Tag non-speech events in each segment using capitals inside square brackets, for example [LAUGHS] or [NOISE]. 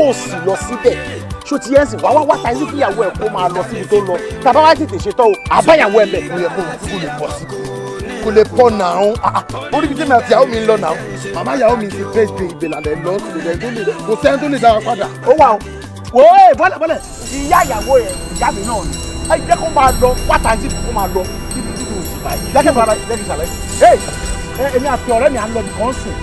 kó o sì lọ síbẹ̀ ṣó ti yẹn sì wá wá wáta ẹni kíyàwó ẹ̀ kó máa lọ síbi tó ń lọ tàbá wá tètè ṣetán o àbáyàwó ẹ̀ bẹ̀. kò yẹ kó kó lè pọ̀ sí kò lè pọ̀ nàrún ah, ah. orí bíi tèmi àti ìyàwó mi ń lọ nàrún màmá ìyàwó mi ti bẹ́ẹ̀ gbé ibẹ̀ lálẹ́ lọ kò sẹ́ni tó lè dá wa padà. ó wà o wò ó ẹ bọ́lẹ̀ bọ́lẹ̀ ìyá ìyàwó ẹ̀ ìyá mi náà ni ẹ jẹ́ kó máa lọ wáta ẹni kó máa lọ ibi tí kò sì báyìí lẹ́kẹ̀ bàbá lẹ́kẹ̀ sàlẹ̀ èmi àti ọ̀rẹ́ mi à ń lọ nìkan sùn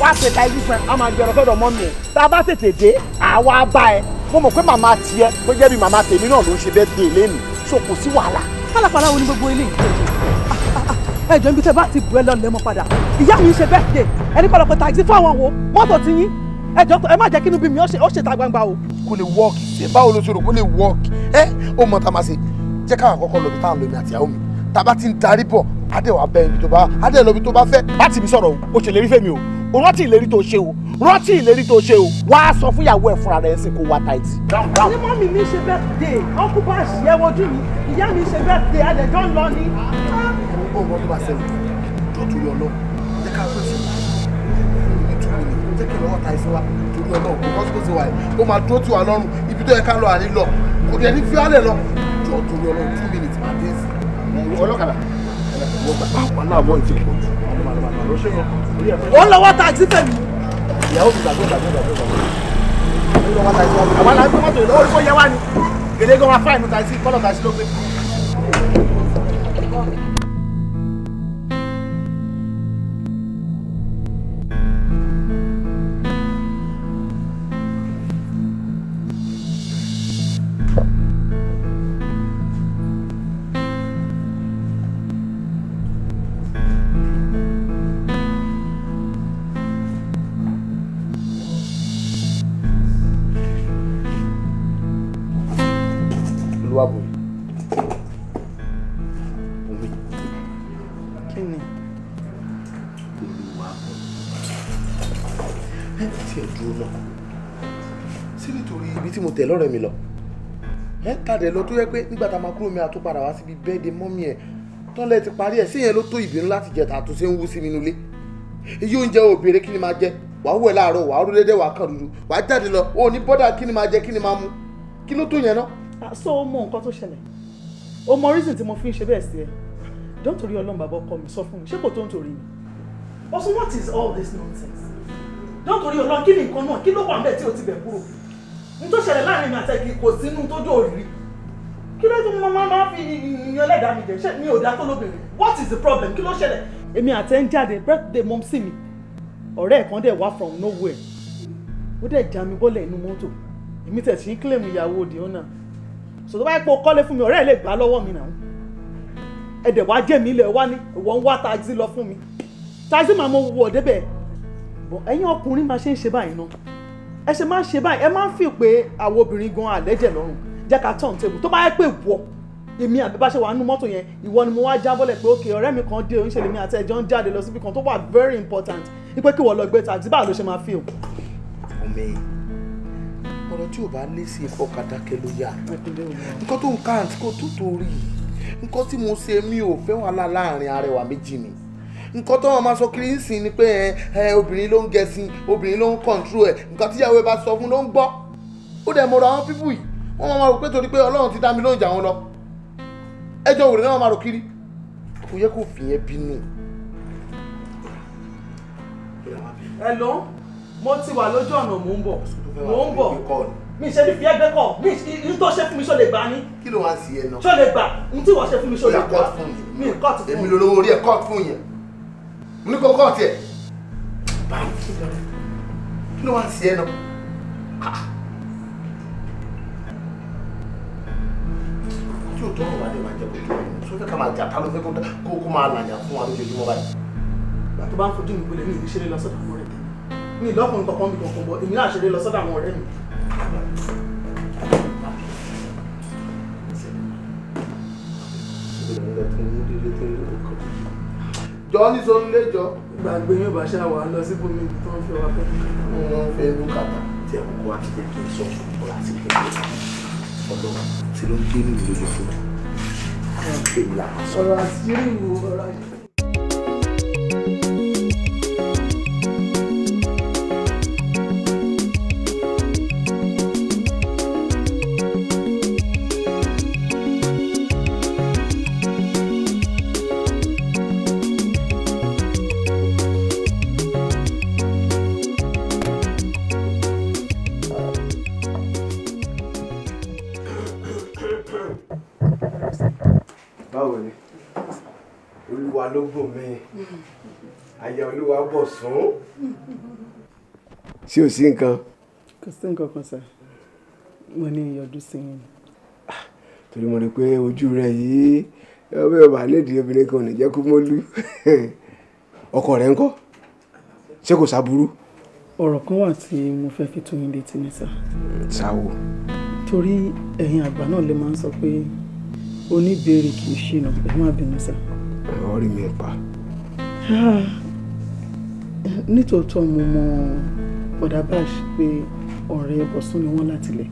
wá ṣe ta ibi fún ẹ á máa gbẹrọ sọ́dọ̀ mọ́ mi ẹ tá a bá tètè dé màá wá bá ẹ mo mọ̀ pé màmá tiẹ̀ tó jẹ́ bí màmá tèmi náà ló ń ṣe bẹ́ẹ̀ dé lẹ́nu so kò sí wàhálà. pálapàla wo ni gbogbo ilé yìí ẹ jọ ibi tẹ bá ti bu ẹ lọ lẹmọ padà ìyá mi ń ṣe bẹ́ẹ̀ dé ẹni kọlọ pé tàgísí fún àwọn wo mọ́tò ti yín ẹ jọ ẹ má jẹ́ kí inú bí mi ó ṣe ta gbangba o. kò lè wọ́ọ̀kì ṣe báwo ló ṣe rò kó lè wọ́ọ̀kì ẹ ó mọ tá a máa ṣe jẹ́ káwọn àkọ́kọ́ lọ a bá ti ń darí bọ̀ adé wàá bẹ́ẹ̀ ni tó bá adé lọ́bi o o òun láti ìlérí tó ṣe rántí ìlérí tó ṣe o wá sọ fún ìyàwó ẹ̀ fúnra rẹ̀ ẹ̀ sì kó wá tàìtì. ṣé mọ́mì mi ṣe birthday uncle bash yẹ wojú mi ìyá mi ṣe birthday adẹ̀jọ́ ń lọ ni. ó ń bọ́ bá sẹ́yìn tó tún yọ lọ jẹ́ ká pèsè jẹ́ kí lọ́wọ́ ta ẹ̀sìn wa torí ọlọ́run kò kọ́sí kò sí wa yìí ó máa dúró tí wà lọ́rùn ibi tó yẹ ká lọ àní lọ kò dẹ̀ ní fi wálẹ̀ lọ jọ torí ọlọ́run two minutes máa dé sí i. ọlọ́kadà wọ́n gbà wọ́n náà wọ́n ìjẹ́ ìpọ́njú. ó lọ́wọ́ ta àti fẹ̀mí ìyàwó mi gbàgbé gbàgbé gbàgbé gbàgbé àwọn alágbèmọ́tò ìlọ́wọ́ ìfọ̀yẹ́wá ni gèdè gan wa fáìmù tàìsí kọ́lọ̀ tàìsí ló gbé. lọ́rẹ̀ mi lọ mẹ́ta lọ tó yẹ pé nígbà tá a máa kúrò mi àtúpadà wá síbi bẹ́ẹ̀dẹ̀ mọ́mí ẹ̀ tọ́lẹ̀ ti parí ẹ̀ síyẹn ló tó ìbínú láti jẹ tààtú sí ń wú sí mi nulẹ̀ iye oúnjẹ ò béèrè kí ni máa jẹ wàá wẹ̀ láàárọ̀ wàá rúlé dẹ̀ wàá kàn dúdú wàá jáde lọ ò ní bọ́dà kí ni máa jẹ kí ni máa mu kí ló tó yẹn náà. Ah, so o mọ nǹkan tó ṣẹlẹ̀ o mọ reason tí mo fi ń ṣe bẹ́ẹ̀ sí ẹ don't ọlọ́run bàbá ọkọ mi sọ fún mi ṣé is all this nonsense? don't torí ọlọ́run kí ni nǹkan náà kí ló wà ń bẹ̀ tí o ti tó ṣẹlẹ̀ láàrin mi àtẹ̀gì kò sínú tójú òrì kí ló tún máa máa fi ìyẹn lẹ́dàá mi jẹ ṣé mi ò dá tó lóbìnrin what is the problem kí ló ṣẹlẹ̀. èmi àtẹ ń jáde birthday mom sí mi ọ̀rẹ́ ẹ̀ kan dẹ̀ wá from nowhere ó dẹ̀ já mi bọ́lẹ̀ inú mọ́tò èmi tẹ̀ sí ń claim ìyàwó òde ọ̀nà so tó bá yẹ pé o kọ́lé fún mi ọ̀rẹ́ ẹ̀ lè gbà lọ́wọ́ mi náà ẹ dẹ̀ wá jẹ́ mi ilẹ̀ wá ní ìwọ ń wá taxi lọ fún mi taxi màá mo wọ̀ débẹ̀ ẹ̀yin ọkùnrin máa ṣe ń ṣe báyìí náà ẹ ṣe máa ń ṣe báyìí ẹ máa ń fi pé àwọn obìnrin gan àlẹ́jẹ̀ lọ́rùn jẹ́ ká tọ̀n tèbù tó bá yẹ pé wọ̀ èmi àbí bá ṣe wà nínú mọ́tò yẹn ìwọ ni mo wá jábọ́lẹ̀ pé ókè ọ̀rẹ́ mi kan dé oníṣẹ́ lèmi àti ẹ̀jọ́ ń jáde lọ síbi kan tó wà very important ipe kí wọ́n lọ gbé taxi báwo ló ṣe máa feel. omi ọ̀rọ̀ tí ò bá lé sí ẹ̀kọ́ kàdákẹ́ ló yà nǹkan tó ń ká àǹtí kò tó torí nǹkan tí mo ṣe mi ò fẹ́ wàhálà láàrin arẹwà méjì mi nǹkan tó wọn máa sọ kiri nsìn ni pé ẹ obìnrin ló ń gẹṣin obìnrin ló ń kọ̀ǹtrú ẹ nǹkan tíyàwó ẹ bá sọ fún ló ń gbọ́ ó dẹ̀ mọ̀rọ̀ àwọn pípù yìí wọ́n máa rò pé torí pé ọlọ́run ti dá mi lóhùn jà wọn lọ ẹjọ́ òrè náà máa rò kiri kò yẹ kó fìyẹn bínú. ẹ mo ti wà lójú ọ̀nà mò ń bọ̀ mò ń bọ̀ mi ṣe fi ẹgbẹ́ kọ̀ mi ní tó ṣe fún mi ṣó lè gbà ní. kí ló wá sí ẹ náà. ṣó lè gbà ní tí wọ́n ṣe fún mi ṣó lè gbà. mi kọ́ọ̀tù fún mi. èmi lolówó orí ẹ̀ kọ́ọ̀tù fún yẹn mo ní kókó ọ̀tí ẹ̀ báyìí kí ló wá ń ṣe ẹ náà tí o tọ́ ọ̀wá dé máa jẹ́ kó tó o sọ fẹ́ ká máa jà tá ló fẹ́ kó kó máa làjà fún wa lójoojúmọ́ báyìí. ìgbà tó bá ń fojú mi gbélé mi ì ní ṣeré lọ sọ́dọ̀ àwọn ọ̀rẹ́ mi mi ìlọ́kùnrin kankan mi kankan bọ̀ èmi náà ṣeré lọ sọ́dọ̀ àwọn ọ̀rẹ́ mi. Thank you jọ ní sọnù lẹ́jọ́. gbàgbé yóò bá ṣá wà lọ sí bómi ibi tó ń wá fẹ́. wọ́n ń fẹ́ bùkátà tí ẹ̀kọ́ kó àti jẹ́ kí n sọ ọ̀la sí ìpínlẹ̀ tí ló ń gbé nínú ìlú fún mi. ọ̀rọ̀ àṣírí wo ọ̀rọ̀ àṣírí. ló bòmí aya olúwa bọ̀ sún. ṣé o sí nǹkan. kò sí nǹkan kan sá mo ní ìyọdún sí i. torí mo rí i pé ojú rẹ yìí ọbẹ̀ ọba nídìí obìnrin kan ò ní jẹ́ kó mọ́lú ọkọ rẹ ńkọ́ ṣé kò sábúrú. ọ̀rọ̀ kan wà tí mo fẹ́ fi tó yín létí ní sá. sáwò. torí ẹ̀yin àgbà náà lè máa ń sọ pé oníbèrè kì í ṣìnà ẹ má bínú sá wọ́n rí mi ẹ̀ pa. Ah. nítòótọ́ mo mọ ọ̀dà báṣ pé ọ̀rẹ́ ọ̀sùn ni wọ́n látilẹ̀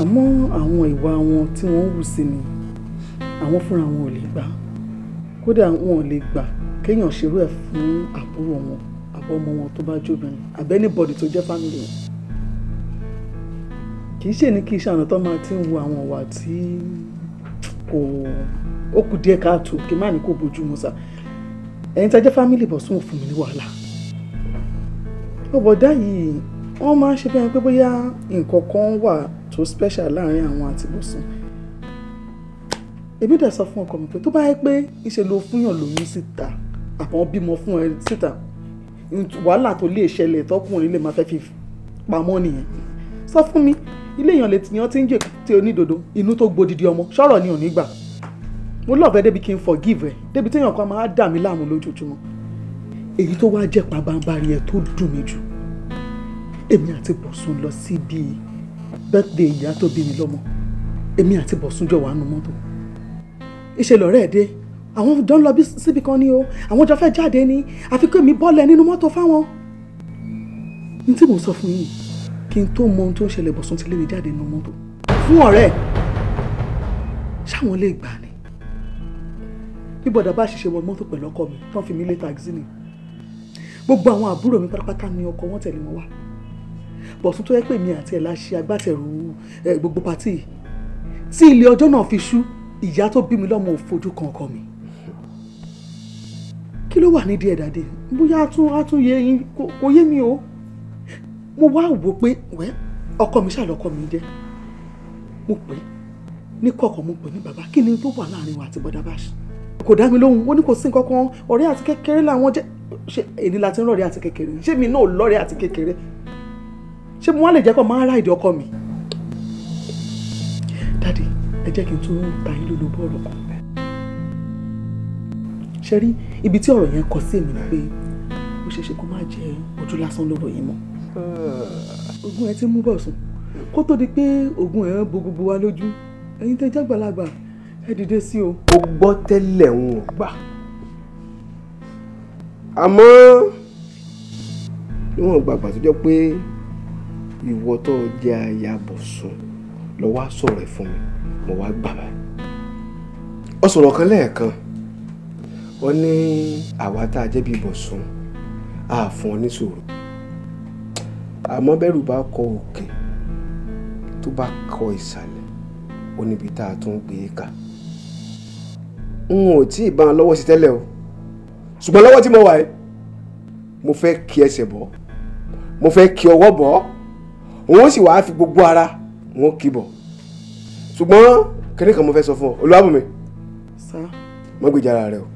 àmọ́ àwọn ìwà wọn tí wọ́n ń hù sí mi àwọn fúnra wọn ò lè gbà kódà wọn ò lè gbà kéèyàn ṣerú ẹ̀ fún àbúrò wọn àbọ̀ ọmọ wọn tó bá jóbìnrin àbẹ́ anybody tó jẹ́ family wọn kì í ṣe ní kí iṣẹ́ àná tó máa ti ń wo àwọn ìwà tí kò ó kù díẹ̀ káàtó kí má ní kó bójú mu sá ẹ̀yin tí a jẹ́ fámìlì bọ̀ sún fún mi ní wàhálà ọ̀bọ̀dá yìí wọ́n máa ń ṣe bẹ́ẹ̀ pé bóyá nǹkan kan wà tó special láàrin àwọn àti bọ̀sùn èmi dẹ̀ sọ fún ọkọ mi pé tó bá yẹ pé ìṣe ló fúnyàn lóyún síta àbọ̀n bímọ fún ẹ síta wàhálà tó lè ṣẹlẹ̀ tọkùnrin lè máa fẹ́ fi pamọ́ nìyẹn sọ fún mi ilé èèyàn lè tiyàn tí ń jẹ tí onídodo inú tó gbodidi ọmọ ṣọ́rọ̀ ni ò ní gbà mo lọ́ọ̀fẹ́ débi kí n forgive ẹ̀ débi téèyàn kan máa dà mí láàmú lójoojúmọ́ èyí tó wá jẹ́ pàbàǹbarì ẹ̀ tó dùn mí jù èmi àti bọ̀sùn lọ síbi birthday ìyá tó bí mi lọ́mọ èmi àti bọ̀sùn jọ wà nù mọ́tò ìṣe lọ́rẹ́ ẹ̀ dé àwọn jọ ń lọ síbi kan ni o àwọn jọ fẹ́ jáde ni àfi kó èmi bọ́lẹ̀ nínú mọ́tò fáwọn ní tí mò sọ fún yìí kí n tó mọ ohun tó ń ṣẹlẹ̀ bọ̀sùn ti lé mi jáde nínú mọ́tò fún ọ̀rẹ́ ṣáwọn lè gbà ni bí bọ̀dà bá ṣiṣẹ́ wọ mọ́tò pẹ̀lú ọkọ mi tán fi mí lé taxi ni gbogbo àwọn àbúrò mi pátápátá ni ọkọ wọn tẹ̀lé wọn wá bọ̀sùn tó yẹ pé mi àti ẹ̀ la ṣe agbátẹrù gbogbo pàtì tí ilé ọjọ́ náà fi ṣú ìyá tó bí mi lọ́mọ ò fojú kan ọkọ mi kí ló wà nídìí ẹ̀ dàdé bóyá atún atún yé yín kò yé mi o mo wá wò pé wẹ́ ọkọ mi ṣàlọ́kọ mi jẹ́ mo pè é ní kọ̀ọ̀kan mo pè ní bàbá kí ni tó wà láàrin wa àti bọ́dá báṣì kò dá mi lóhùn ó ní kò sí nǹkan kan ọ̀rẹ́ àti kékeré làwọn jẹ́ ṣe èyí la ti ń rọ̀rẹ́ àti kékeré ṣé mi náà lọ́rẹ́ àti kékeré ṣé mo lè jẹ́ kó máa ra ìdí ọkọ mi. dádì ẹ jẹ́ kí n tún ta yín lólo bọ́ọ̀lù kan. ṣe rí ibi tí ọ̀rọ̀ yẹn kọ sí èmi ni pé ó ṣeé ṣe kó má jẹ ojú lásán lọ́rọ̀ yìí mọ́. ogun ẹ ti mú bọ̀ sùn kó tó di pé ogun ẹ bogbogbo wa lójú ẹ̀yin tẹ́ jágbàlagbà ẹ dìde sí o. ó gbọ́ tẹ́lẹ̀ ń gbà àmọ́ níwọ̀n gbàgbà tó jẹ́ pé ìwọ tó jẹ́ ayabọ̀ sùn lọ wá sọ̀rọ̀ ẹ̀ fún mi mo wá gbà báyìí. ó sọ̀rọ̀ kan lẹ́ẹ̀kan ó ní àwa tá a jẹ́bi bọ̀ sùn á fún ọ níṣòro àmọ́ bẹ́rù bá kọ òkè tó bá kọ ìsàlẹ̀ ó níbi tá a tún gbé e kà n ò tí ì bá a lọ́wọ́ sí tẹ́lẹ̀ o ṣùgbọ́n lọ́wọ́ tí mo wà yìí mo fẹ́ kí ẹsẹ̀ bọ́ mo fẹ́ kí ọwọ́ bọ́ òun sì wàá fi gbogbo ara wọn kì bọ̀ ṣùgbọ́n kíní kan mo fẹ́ sọ fún ọ Olúwabùnmi mo gbèjà ara rẹ o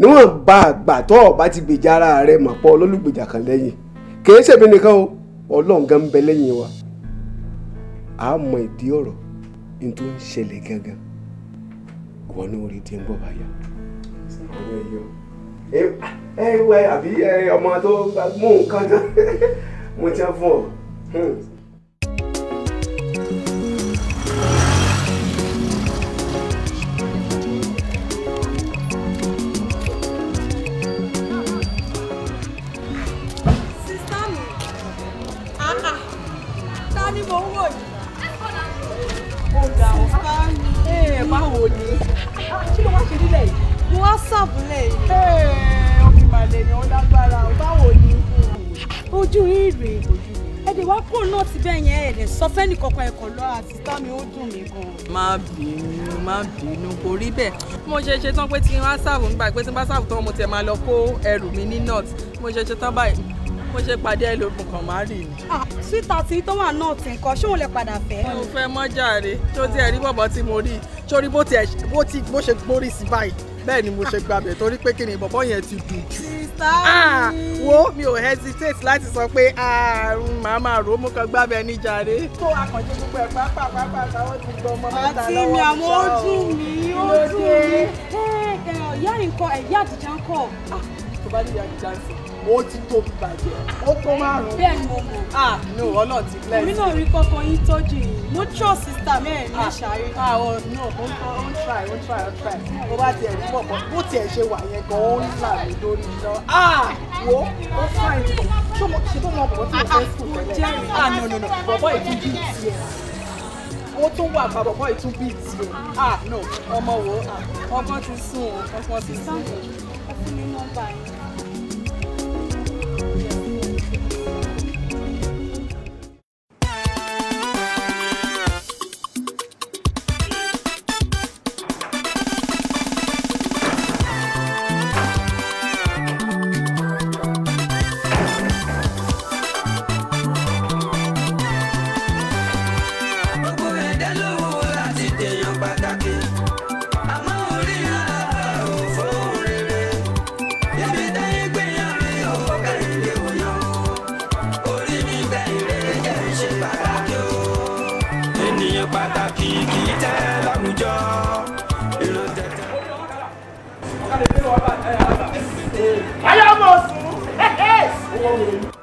níwọ̀n bá àgbà tó ti gbèjà ara rẹ mà pọ̀ olólùgbèjà kan lẹ́yìn kì í nìkan o Ọlọ́run gan bẹ lẹ́yìn wa àmọ́ ìdí ọ̀rọ̀ ní tó ń ṣẹlẹ̀ gangan wọn ní orí tí ń bọ̀ báyà. ẹ ẹ wẹ àbí ọmọ tó mú nǹkan tán mo ti ń fún ọ. Hmm. bẹ́ẹ̀ yẹn ẹ̀ lè sọ fẹ́ni kankan ẹ̀kọ́ lọ àti tami ó dùn mí gan. má bínú má bínú kò rí bẹ́ẹ̀. mo ṣe ṣe tán pé tí n bá ṣàbò nígbà pé tí n bá ṣàbò tán mo tiẹ̀ máa lọ kó ẹrù mi ní north mo ṣe ṣe tán báyìí mo ṣe pàdé ẹlòmùn kan má rì ni. Ah, síta tí tó wà náà ti nǹkan ṣé òun lè padà fẹ́. mo fẹ́ mọ́ jàre tó tiẹ̀ rí bọ̀bọ̀ tí mo rí torí bó ti bó ṣe gbórí sí báyìí bẹ́ẹ̀ ni mo ṣe gbàgbé torí pé kí ni bọ̀bọ̀ yẹn ti dùn jù star ah, wo mi ò hesitate láti sọ pé àrùn màá máa rò ó mú kan gbábẹ ní jàre. tó àkànjẹ gbogbo ẹ̀ pápápápá táwọn ti gbọ́ ọmọ mẹ́ta lọ́wọ́ àti mi àwọn ojú mi ojú mi. ìyá nǹkan ẹ̀yà àtijọ́ ń kọ̀. Ah. tó bá ní ìyá àtijọ́ ń sìn ó ti tóbi bàjẹ́ ó tó márùn-ún. bẹ́ẹ̀ ni mo mọ̀. ah no ọlọ́ọ̀ ti bless. èmi náà rí kọ́kọ́ yín tọ́jú yìí mo trọ́ sísá mẹ́rin ní ah, ṣàárẹ̀. ah oh no ó try ó try ó try bó bá tiẹ̀ rí pọ̀pọ̀ bó tiẹ̀ ṣe wà yẹn gan ó ń là mí lórí iná ah wo ó fine pọ̀ ṣé mo ṣe tó mọ bọ̀ tí mo fẹ́ sùn tẹ́lẹ̀ ah, ah, ah no no no bọ̀bọ̀ ìtújú tiẹ̀ ó tún wà pa bọ̀bọ̀ ìtúbí tiẹ̀ ah no ọmọ wo ọgbọ́n ti sùn ọgbọ́n ti sùn. ọkùnrin nọ́mbà yẹn. Thank you.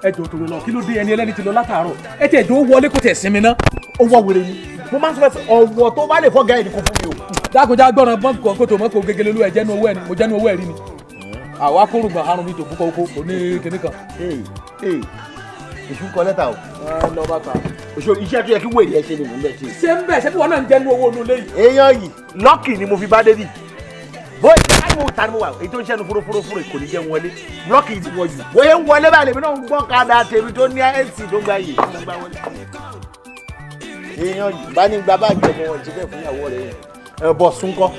ẹjọ tó lọ kí ló dé ẹni ẹlẹ́ni ti lọ látàárọ̀ ẹ tẹ̀ tó wọlé kó tẹ̀ sinmi ná ọwọ́ wèrè ni mo máa ń sọ fẹ́ ọwọ́ tó bá lè fọ́ gáyìí kò fún mi o. dákúnjá gbọ́dọ̀ bọ́ǹkì kan kó tó mọ́kò gegele ló ẹ̀jẹ̀ ẹ̀ ni mo jẹ́ nu owó ẹ̀ rí ni àwa kó rògbòn harun mi tó kú kọ́kọ́ kò ní kinní kan. èṣù kọ lẹ́tà o. lọ bá ta. oṣù iṣẹ́ tó yẹ kí wèrè ẹ ṣe ni mò ń bẹ̀ ṣe. ṣé ń bẹ̀ ṣé bí wọn náà ń jẹ́ nu owó nu léyìí. èèyàn yìí lọ́kì ni mo fi bá débi bóyá táìmù ta ni mo wà èyí tó ń ṣẹ́nu fúrufúrufúru kò ní jẹ́ wọlé blọọkì yìí ti wọ jù bóyá ń wọlé báyìí lèmi náà ń gbọ́ kadà tèmi tó ní ac tó gba iye tó gba wọlé. èèyàn bá ní gba báàgì ọmọ wọn jí bẹ́ẹ̀ fún ìyàwó rẹ̀ ẹ bọ̀ súnkọ́.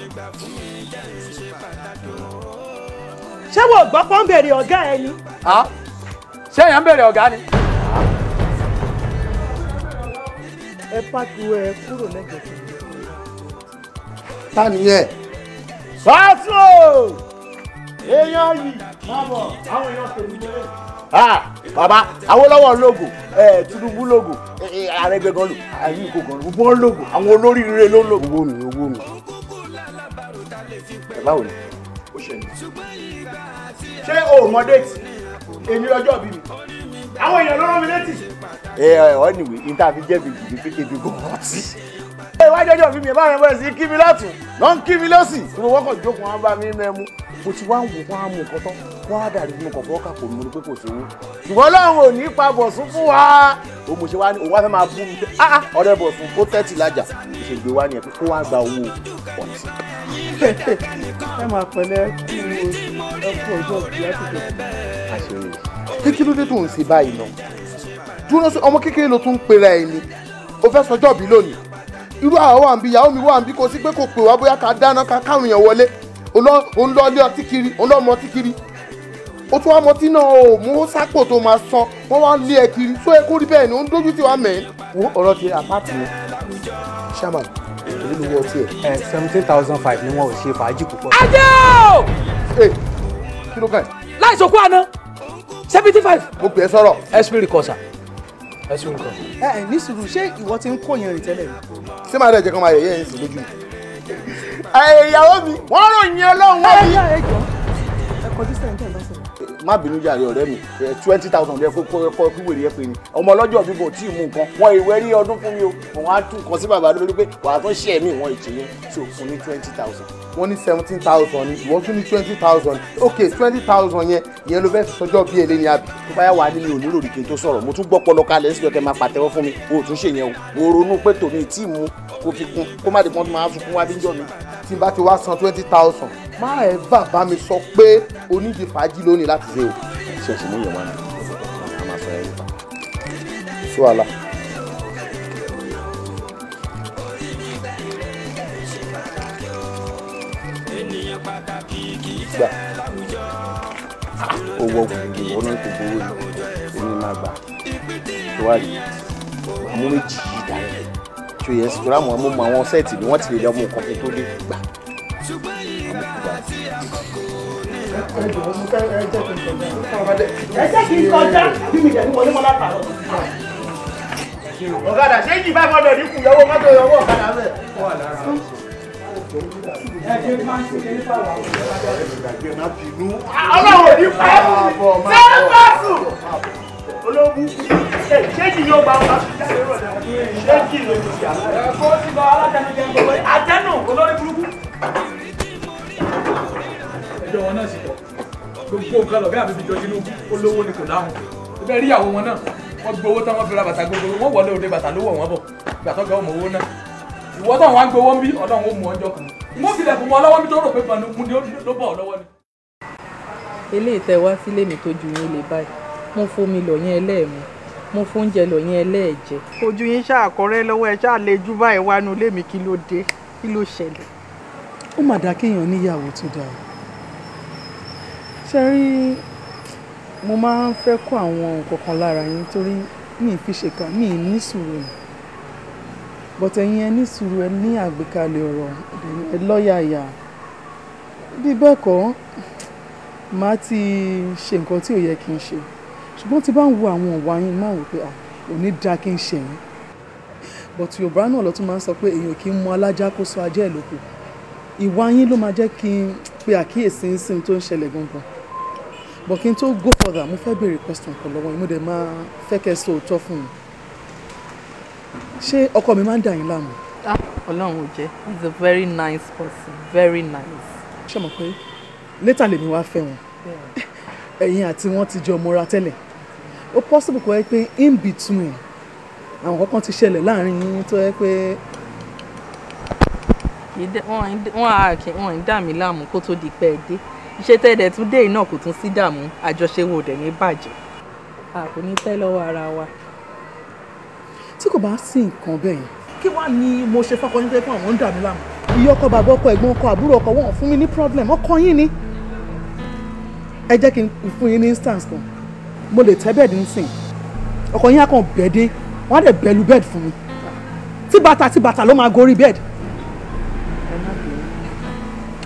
ṣé wo gbọ́ pọ́n bèrè ọ̀gá ẹ ni. ṣé èèyàn ń bèrè ọ̀gá ni. ẹ pàtó ẹ kúrò lẹ́gbẹ̀ẹ́ ta ni yẹn sọ́ọ̀tù èèyàn yìí máa bọ̀ àwọn èèyàn tèmi lé. bàbá Awólọ́wọ̀ lògò Tinubu lògò Arẹ́gbẹ́gan lò àyè kò gan gbogbo logo. lògò àwọn olóríire ló lògò. owó mi owó mi báwo ni ó ṣe ní. ṣé o ò mọ déètì èmi lọ́jọ́ bí mi àwọn èèyàn ló rán mi létí. ẹ ọ in ní tá a fi jẹ́ bèbí bèbí bèbí kò wọ́n sí ìwádìí ọjọ́ fi mi ẹ̀ bá rẹ̀ bọ́ẹ̀ sí kí mi látùn lọ́n kí mi lọ́sì ìwọ wọ́kọ̀ jókòó wọn bá mi nínú ẹmu mo ti wá ń wò wọ́n á mú nǹkan tán wọ́n á dàrí nínú kọ̀ọ̀kan ọkà kò mú ní pé kò sówó ṣùgbọ́n Ọlọ́run ò ní pa bọ̀sùn fún wa o mo ṣe wá ní òun wá fẹ́ máa bú mi pé ah ọ̀rẹ́ bọ̀sùn ó tẹ́tì lájà ìṣègbè wa ni ẹ̀ pé kó wá gba owó ọ̀sìn. ẹ máa pẹ̀lẹ́ kí ẹ kú ọjọ́ ìyá tuntun. àṣírí kékeré ló dé tó ń ṣe báyìí náà dúró ọmọ kékeré ló tún ń pera ẹni o fẹ́ sọjọ́ bí lónìí irú àwọn wà ń bí ìyàwó mi wà ń bí kò sí pé kò pè wá bóyá ká dáná ká káwọn èèyàn wọlé òun lọ ilé ọtí kiri òun lọ mọ ọtí kiri ó tún wá mọtí náà ó mú sápò tó máa san wọn wá lé ẹ kiri tó ẹ kó rí bẹ́ẹ̀ ni ó ń dójú tì wá mẹ́ẹ̀. wo ọ̀rọ̀ ti apáàtì yẹn chairman èyí ló wọ ọtí ẹ. ẹ seventeen thousand five ni wọn ò ṣe fàájì púpọ̀. ajé o. ẹ kí ló kàn. láìsókú àná seventy five. mo pè é sọ̀rọ̀. ẹ spirit kọ ẹ ṣe nǹkan. ẹ ẹ ní sùúrù ṣé ìwọ ti ń kó yẹn rìn tẹ́lẹ̀ ni. ṣé màá dẹ̀ jẹ́ kó máa yẹ̀yẹ́ yẹn sí lójú. ìyàwó mi wọ́n ròyìn ọlọ́run wọ́n mi. ẹ kọjú sẹ́yìn tẹ̀ lọ́sọ̀rọ̀. má bínú jàre ọ̀rẹ́ mi twenty thousand yẹ kó kọ́ kúwèrè yẹ pé ni ọmọ ọlọ́jọ́ bí kò tí ì mú nǹkan wọn ìwé rí ọdún fún mi o wọn á tún nǹkan sí bàbá lórí pé wàá tún ṣe ẹ̀mí wọn ìjìyẹn so fún ní twenty thousand wọ́n ní seventeen thousand ni ìwọ́n tún ní twenty thousand ok twenty thousand yẹn ìyẹn ló fẹ́ sọjọ́ bí ẹlẹ́ni àbí. tó bá yà wá nílé òní lòdì kí n tó sọ̀rọ̀ mo tún gbọ́ pọlọ kalẹ̀ sí ọkẹ́ máa pàtẹ́wọ́ fún mi o ò tún ṣe yẹn o mo ronú pé tòní tí mu kò fi kún kó má di pọ́n tó máa sunkún wá níjọ́ mi. tí n bá ti wá san twenty thousand má ẹ bá bá mi sọ pé oníjì fàájì lónìí láti ṣe o. ṣèṣì mú yẹn wá ní gbà owó ah, gbogbo ọ̀nà gbogbo owó èmi máa gbà tó wà yìí dá tó yẹ sọ láwọn ọmọ àwọn sẹ́ẹ̀tì ni wọ́n ti lè dá ọmọ nǹkan tó lè gbà. ẹ jẹ́ kí n kọjá bí mi jẹ́ ní wọlé mọ́lá tààrọ̀ ọ̀kadà ṣé yìí bá gbọ́dọ̀ dínkù yọwọ́ mọ́tò yọwọ́ ọ̀kadà bẹ́ẹ̀ ọlọ́wọ́ ní pẹ́ẹ́pù sẹ́ńtọ́sù ológun ṣéjì ni ó gba ọba ṣéjì ló ti ṣe àná. ẹ̀kọ́ ti gba alájẹnujẹ gbogbo àjẹnù olórí burúkú. ẹjọ́ wọn náà sì pọ̀ gbogbo nǹkan lọ bí àbíbi jọ Tinubu olówó ni ẹgbẹ́ ìyàwó wọn náà wọ́n gbowó tán wọ́n fi ra bàtà gbogbo wọ́n wọlé òde bàtà ló wọ̀ wọ́n bọ̀ gbàtọ́ gbà ọmọ owó náà ìwọ táwọn wá ń ń bí ọlọ́run ó mú ọjọ́ kan mo tilẹ̀ kò mọ ọlọ́wọ́ mi tó rò pé bọ̀nù mú ni ló bọ̀ lọ́wọ́ ni. eléyìí tẹ wá sílé mi tó ju yín lè báyìí mo fomi lọ yẹn ẹlẹ́ẹ̀mú mo fóúnjẹ lọ ẹlẹ́ẹ̀jẹ. ojú yín ṣàkọrẹ́ lọ́wọ́ ẹ ṣáà lè jú báyìí wá nu lémi kí ló dé kí ló ṣẹlẹ̀. ó mà dáa kéèyàn níyàwó tó dáa ṣe mo máa ń fẹ́ kó àwọn nǹkan kan lára yín torí mi ì fi ṣèkà mi ì ní sùúrù but ẹ̀yin ẹ ní sùúrù ẹ ní àgbékalẹ̀ ọ̀rọ̀ ẹ lọ́yàyà bí bẹ́ẹ̀ kọ́ màá ti ṣe nǹkan tí ò yẹ kí n ṣe ṣùgbọ́n tí bá ń wo àwọn ọ̀wá yín máa wò pé òní dáa kí n ṣe yín but yorùbá náà lọ́tún máa ń sọ pé èèyàn kì í mú alájá kó sọ ajá ẹ̀ lóko ìwà yín ló máa jẹ́ kí n pe àkíyèsí ń sìn tó ń ṣẹlẹ̀ gangan but kí n tó go further mo fẹ́ béèrè question kan lọ́wọ́ yín mo dẹ̀ máa fẹ́ kẹ́ sọ òótọ́ fún mi ṣé ọkọ mi máa ń dà yín láàmú. Ah, ọlọ́run ò jẹ́ he's a very nice person very nice. ṣé mo pé létà lèmi wá fẹ́ wọn ẹ̀yin àti wọ́n ti jọ mọ́ra tẹ́lẹ̀ ó possible kó yẹ pé in between àwọn kankan ti ṣẹlẹ̀ láàrin yín tó yẹ pé wọ́n á kí wọ́n ń dà mí láàmú kó tó di pé ẹ dé iṣẹ́ tẹ́ẹ̀dẹ̀ tún dé iná kò tún sí dààmú àjọṣe wo dẹ̀ ní bàjẹ́ a kò ní tẹ́ lọ́wọ́ ara wa kò bá sí nǹkan bẹ́ẹ̀ yẹn. kí wàá ní mo ṣe fọkọ yín pé fún àwọn ń dà mí láàmú. ìyọkọ bàbá ọkọ ẹ̀gbọ́n ọkọ àbúrò ọkọ wọn fún mi ní problem ọkọ yín ni. ẹ jẹ́ kí n fún yín ní instance kan mo lè tẹ́ bẹ́ẹ̀dì nísìn ọkọ yín á kàn bẹ́ẹ̀ dé wọ́n á dẹ̀ bẹ́ẹ̀lú bẹ́ẹ̀dì fún mi tí bàtà tí bàtà ló máa gorí bẹ́ẹ̀dì.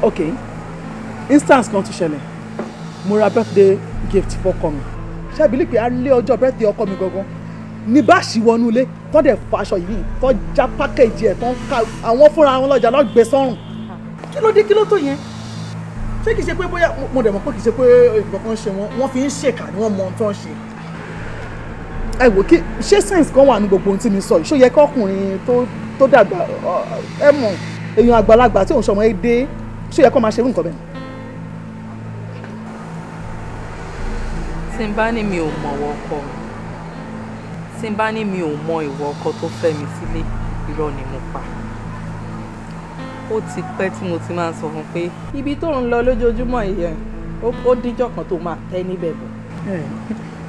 ok instance kan ti ṣẹlẹ̀ mo ra birthday gift fọkọ mi ṣé àbílí pé a lé ọjọ́ birthday ọkọ mi gangan ní báàṣì wọnú ilé kọ́ dẹ̀ faṣọ yìí kọ́ já pákéjì ẹ̀ tán ká àwọn fúnra wọn lọ́jà lọ́gbẹ́ sọ́rùn kí ló dé kí ló tó yẹn ṣé kìí ṣe pé bóyá mo dẹ̀ mọ̀ pé kìí ṣe pé ìgbọ̀n kan ṣe wọn wọ́n fi ń ṣèkà ni wọ́n mọ ohun tó ń ṣe. ẹ wò kí ṣé sense kan wà ní gbogbo ohun tí mi sọ yìí ṣó yẹ kí ọkùnrin tó dàgbà ẹ mọ̀ èèyàn àgbàlagbà tí òun tí n bá ní mi ò mọ̀wọ́ ọkọ tí n bá ní mi ò mọ ìwọ ọkọ tó fẹ́ mi sílé irọ́ ni mo pa ó ti pẹ́ tí mo ti máa ń sọ fún pé ibi tó ń lọ lójoojúmọ́ ìyẹn ó díjọ́ kan tó máa tẹ́ níbẹ̀ bọ̀.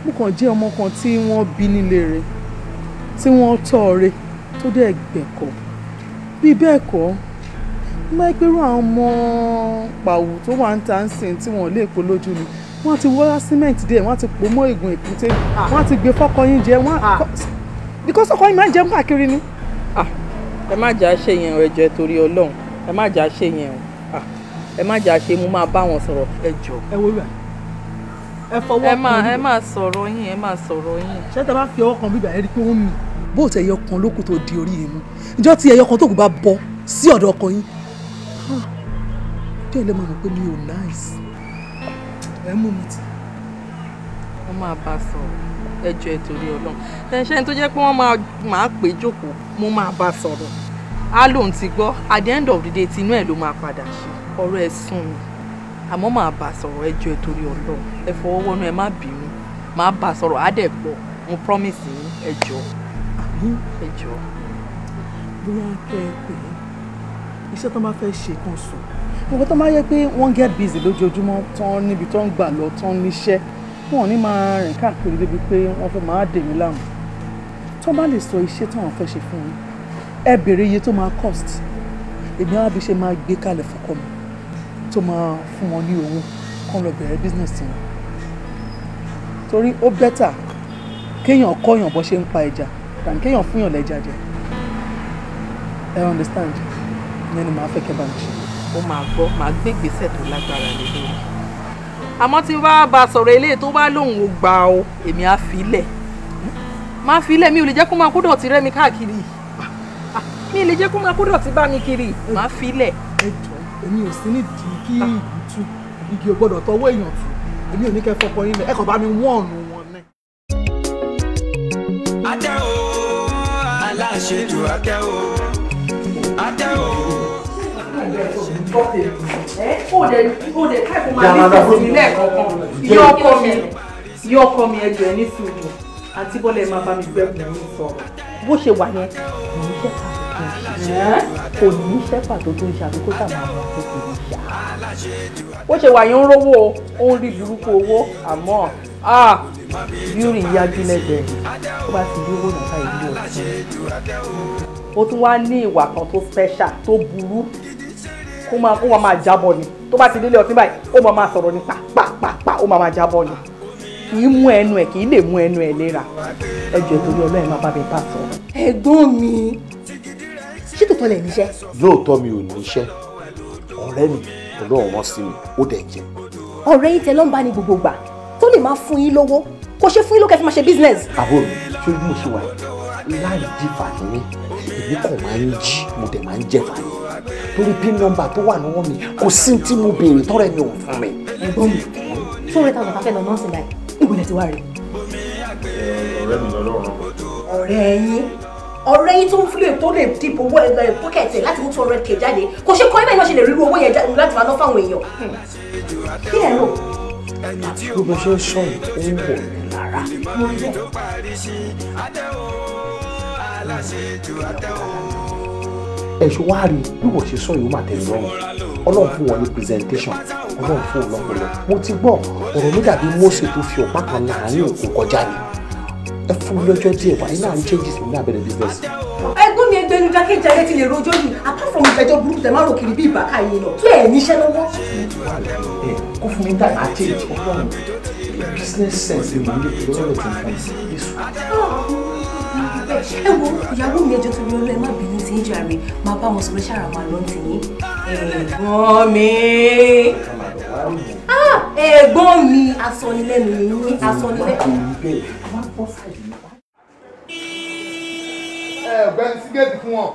mo kàn jẹ́ ọmọ kan tí wọ́n bí nílé rẹ̀ tí wọ́n tọ́ rẹ̀ tó dẹ̀ gbẹ̀kọ́ bí bẹ́ẹ̀ kọ́ mo máa ń àwọn ọmọ pàwù tó wà ń ta ń sìn tí wọ́n lè polójú ni wọ́n á ti wọ́ra símẹ́ǹtì díẹ̀ wọ́n á ti pò mọ́ ègùn èkúté wọ́n á ti gbé fọ́kọ yín jẹ wọ́n á ah. bíkọ́ sọ́kọ yín máa ń jẹun káàkiri ni. Ah, ẹ má jà á ṣe yẹn o ẹ jọ̀ọ́ torí Ọlọ́run ẹ má jà á ṣe yẹn o ah, ẹ má jà á ṣe mo máa bá wọn sọ̀rọ̀ ẹ jọ̀ọ́. ẹ wo rẹ ẹ fọwọ́ kan mi. ẹ máa sọ̀rọ̀ yín ẹ máa sọ̀rọ̀ yín. ṣé tẹ bá fi ọwọ́ kan bíbà ẹ rí i pé ó ń mi. bó o tẹ ẹyọ kan lókun tó di orí yìí mú ìjọ tí ẹyọ kan tó kù bá bọ sí ọ̀dọ̀ ọkọ yín. díẹ̀ lè máa mọ̀ pé mi ò náìsí ẹ̀ mú mi tì. wọ́n máa bá a sọ̀rọ̀ ẹjọ́ ẹ̀ torí ọlọ́run ẹ̀ṣẹ́ tó jẹ́ pé wọ́n máa pè jókòó mo máa bá a sọ̀rọ̀ á lóun ti gbọ́ at the end of the day tinú ẹ̀ ló máa padà ṣe ọ̀rọ̀ ẹ̀ sùn mi àmọ́ máa bá a sọ̀rọ̀ ẹjọ́ ẹ̀ torí ọlọ́run ẹ fọwọ́ wọnú ẹ má bínú máa bá a sọ̀rọ̀ á dẹ̀ gbọ́ mo promise yín ẹjọ́ ẹjọ́. bóyá kẹ́ ẹ pè é iṣẹ́ tó bá fẹ́ ṣe kan sùn gbogbo tó máa yẹ pé wọ́n get busy lójoojúmọ́ tán níbi tó ń gbà lọ tán níṣẹ́ wọn ò ní máa rìn káàkiri débi pé wọ́n fẹ́ máa dè mí láàmú tó bá lè sọ iṣẹ́ táwọn fẹ́ ṣe fún mi ẹ béèrè iye tó máa cost èmi á bí ṣe máa gbé kalẹ̀ fọkọ mi tó máa fún wọn ní owó kán lọ bẹ̀rẹ̀ business tiwọn torí ó bẹ́tà kéèyàn kọ́yàn bó ṣe ń pa ẹja tàbí kéèyàn fúnyàn lẹ́ja jẹ ẹ understand ìyẹn ni màá fẹ́ kẹ́ bá ń ṣe mo máa gbọ́ máa gbé ìgbésẹ̀ tó lágbára lé lórí àmọ́ tí bá bá sọ̀rọ̀ eléyìí tó bá lòun ò gbà o èmi á filẹ̀ máa filẹ̀ mi ò lè jẹ́ kó máa kó dọ̀tí rẹ́ mi káàkiri ah, mi ò lè jẹ́ kó máa kó dọ̀tí bá mi kiri máa filẹ̀. ẹ jọ èmi ò sí nídìí kí ìlú tú igi ò gbọdọ̀ èèyàn tù èmi ò ní kẹ́ fọkọ yín lẹ ẹ kàn bá mi wọ́n ọ̀nù wọn ní. adé o aláṣejù adé o adé o gbọ́ tèmi ó dẹ̀ bó ṣe wà yẹn kò ní ṣẹ́fà tó ń ṣe kò ní ṣẹ́fà tó tó ń ṣe àbíkó sàmà àwọn tó kò ní ṣá. bó ṣe wà yẹn ń rówó ó ń rí burúkú owó àmọ́ ah, yúrì yájú lẹ́gbẹ̀ẹ́ ó bá ti yúrò nàka ìlú ọ̀sán ó tún wá ní ìwà kan tó special tó burú kó máa kó wọn máa jábọ̀ ni tó bá ti délé ọtí báyìí ó máa máa sọ̀rọ̀ ní pàpàpàpà ó máa máa jábọ̀ ni kì í mú ẹnu ẹ̀ kì í lè mú ẹnu ẹ̀ léra ẹjọ́ ìtòrí ọlọ́run máa bá mi bá sọ. ẹ̀gbọ́n mi ṣé tòótọ́ lẹ̀ níṣẹ́. lóòótọ́ mi ò níṣẹ́ ọ̀rẹ́ mi ọlọ́run wọn sí mi ó dẹ̀ jẹ́. ọ̀rẹ́ yìí tẹ ló bá ní gbogbo gbà tó lè máa fún yín lówó kò ṣe fún yín ló kẹ́ máa ṣe business. àbúrò mi ṣé mo ṣe wà láì dìfà ní mi èmi kò máa ń jí mo dẹ̀ máa ń jẹ̀fà ní the pin nọ́mbà tó wà lọ́wọ́ mi kò sí tí mo béèrè tọrọ ẹni ò fún mi. ẹ̀gbọ́n mi fún mi táwọn káfẹ́ lọ nọ́ọ̀sì báyìí ìgbìlẹ̀ ti wá rẹ̀. ọ̀rẹ́ mi lọ́dọ̀ ọ̀rọ̀. ọ̀rẹ́ yín ọ̀rẹ́ yín tó ń fúlẹ̀ tó lè dìbò owó ẹ̀ lọ ẹ̀ pọ́kẹ̀tì láti mú tó ọ̀rẹ́ kè jáde kò ṣe kọ́ ẹ̀ bẹ́ẹ̀ ni wọ́n ṣe lè rírú owó yẹn láti máa ná fáwọn èèyàn. Hmm. kí ẹ̀ rò gbogbo ṣe ń sọ ìwò lára. mo rí bẹ́ẹ̀ ẹ̀ṣọ́ wá rí bí wọ́n ṣe sọ yìí ó mà tẹ̀lé lọ́rùn ọlọ́run fún wọn ní presentation ọlọ́run fún wọn lọ́pọ̀lọ́ mo ti gbọ́ ọ̀rọ̀ mi dàbí Mósè tó fi ọ̀pá kan láàrin òkun kọjá ni ẹ fún mi lọ́jọ́ díẹ̀ wà nínú àwọn changes nínú abẹ́rẹ́ business. ẹgbẹ́ mi ẹgbẹ́ ní jákèjádé ti lè rojọ́ yìí apart from ìfẹjọ́ burúkú tẹ̀ máa rò kiri bí ìbáka yìí lọ tó ẹ̀ níṣẹ́ lọ́wọ́. kó fún mi dá àti ètò ọlọ́run business sense ni mo ní ìlú ọ̀rọ̀ tó ń fún mi ẹ wo ìyàwó mi ẹjọ́ torí ọlọ́ ẹ má bínú sí ìjà rẹ̀ máa bá wọn sọ̀rọ̀ ṣàrà máa lọ́n tì yín. ẹ̀gbọ́n mi ah, ẹ̀gbọ́n mi asọnilẹ́nu yìí asọnilẹ́nu. ẹ ọ̀gbẹ́ni sígẹ́ẹ̀tì fún wọn.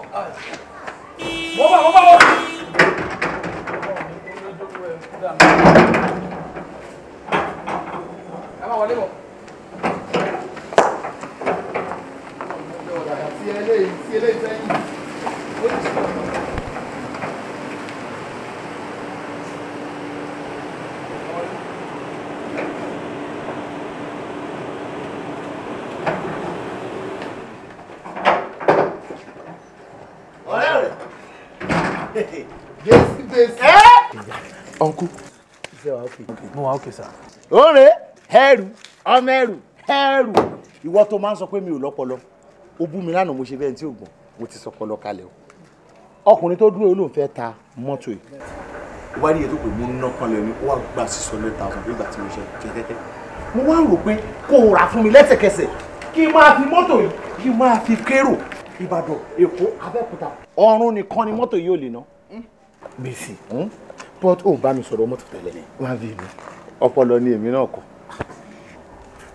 mo bá mo bá mo. ẹ má wọlé bọ̀. mo wà òkè sá. òre ẹrù ọmọ ẹrù ẹrù ìwọ tó máa ń sọ pé mi ò lọ́pọlọ ó bú mi lánàá mo ṣe bẹ́ẹ̀ tí ò gbọ́n mo ti sọpọlọ kalẹ̀ o ọkùnrin tó dúró ló ń fẹ́ ta mọ́tò yìí. ó wá ní ètò pé mo ná kan lẹ́nu ó wá gba six hundred thousand nígbà tí mo ṣe mo wá rò pé kó o rà fún mi lẹ́sẹ̀kẹsẹ̀ kí n máa fi mọ́tò yìí kí n máa fi kérò ìbàdàn èkó abẹ́òkúta ọ̀run nìkan ni mọ́tò yìí ò lè ná hmm? gbèsè hmm? but ò oh, bá mi sọ̀rọ̀ mọ́tò tẹ́lẹ̀ ni. wá bí mi. ọpọlọ ni èmi náà kọ.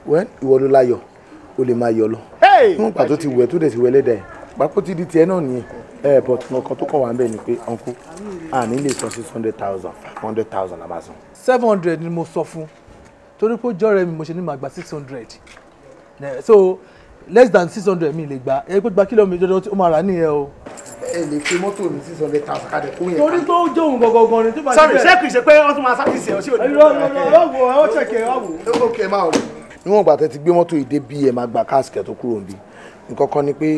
wẹ́n ìwọ ló láyọ̀ o lè máa hey lọ. fún pàtó ti wẹ̀ tó dẹ̀ ti wẹ̀ lẹ́dà ẹ̀ pápó ti di tiẹ̀ náà nìyẹn. ẹ but nǹkan tó kàn wá ń bẹ̀ ni pé uncle àní lè sọ six hundred thousand five hundred thousand àbá seven hundred ni mo sọ fún torí pé jọ́rẹ̀ mi mo ṣe ní màá gba six so less than six hundred mi lè gba ẹ gbọ́dọ̀ gba kílọ̀ mi dandan ó máa rà nìyẹn o ẹ lè pe mọ́tò ní six hundred thousand kalẹ̀ kó yẹn. torí tó jẹ́ òun gangan gan ni tó bá ti bẹ̀rẹ̀. sọ́ọ̀rì ṣé kì í ṣe pé wọ́n tún máa sáfìsì ẹ̀ ọ́ sí òde. irọ́ irọ́ irọ́ wo ẹ ó ṣèké ẹ wò. ok máa rí. níwọ̀n ìgbà tẹ́ ti gbé mọ́tò yìí dé bí ẹ máa gba káàsìkẹ̀ tó kúrò níbí nǹkan kan ni pé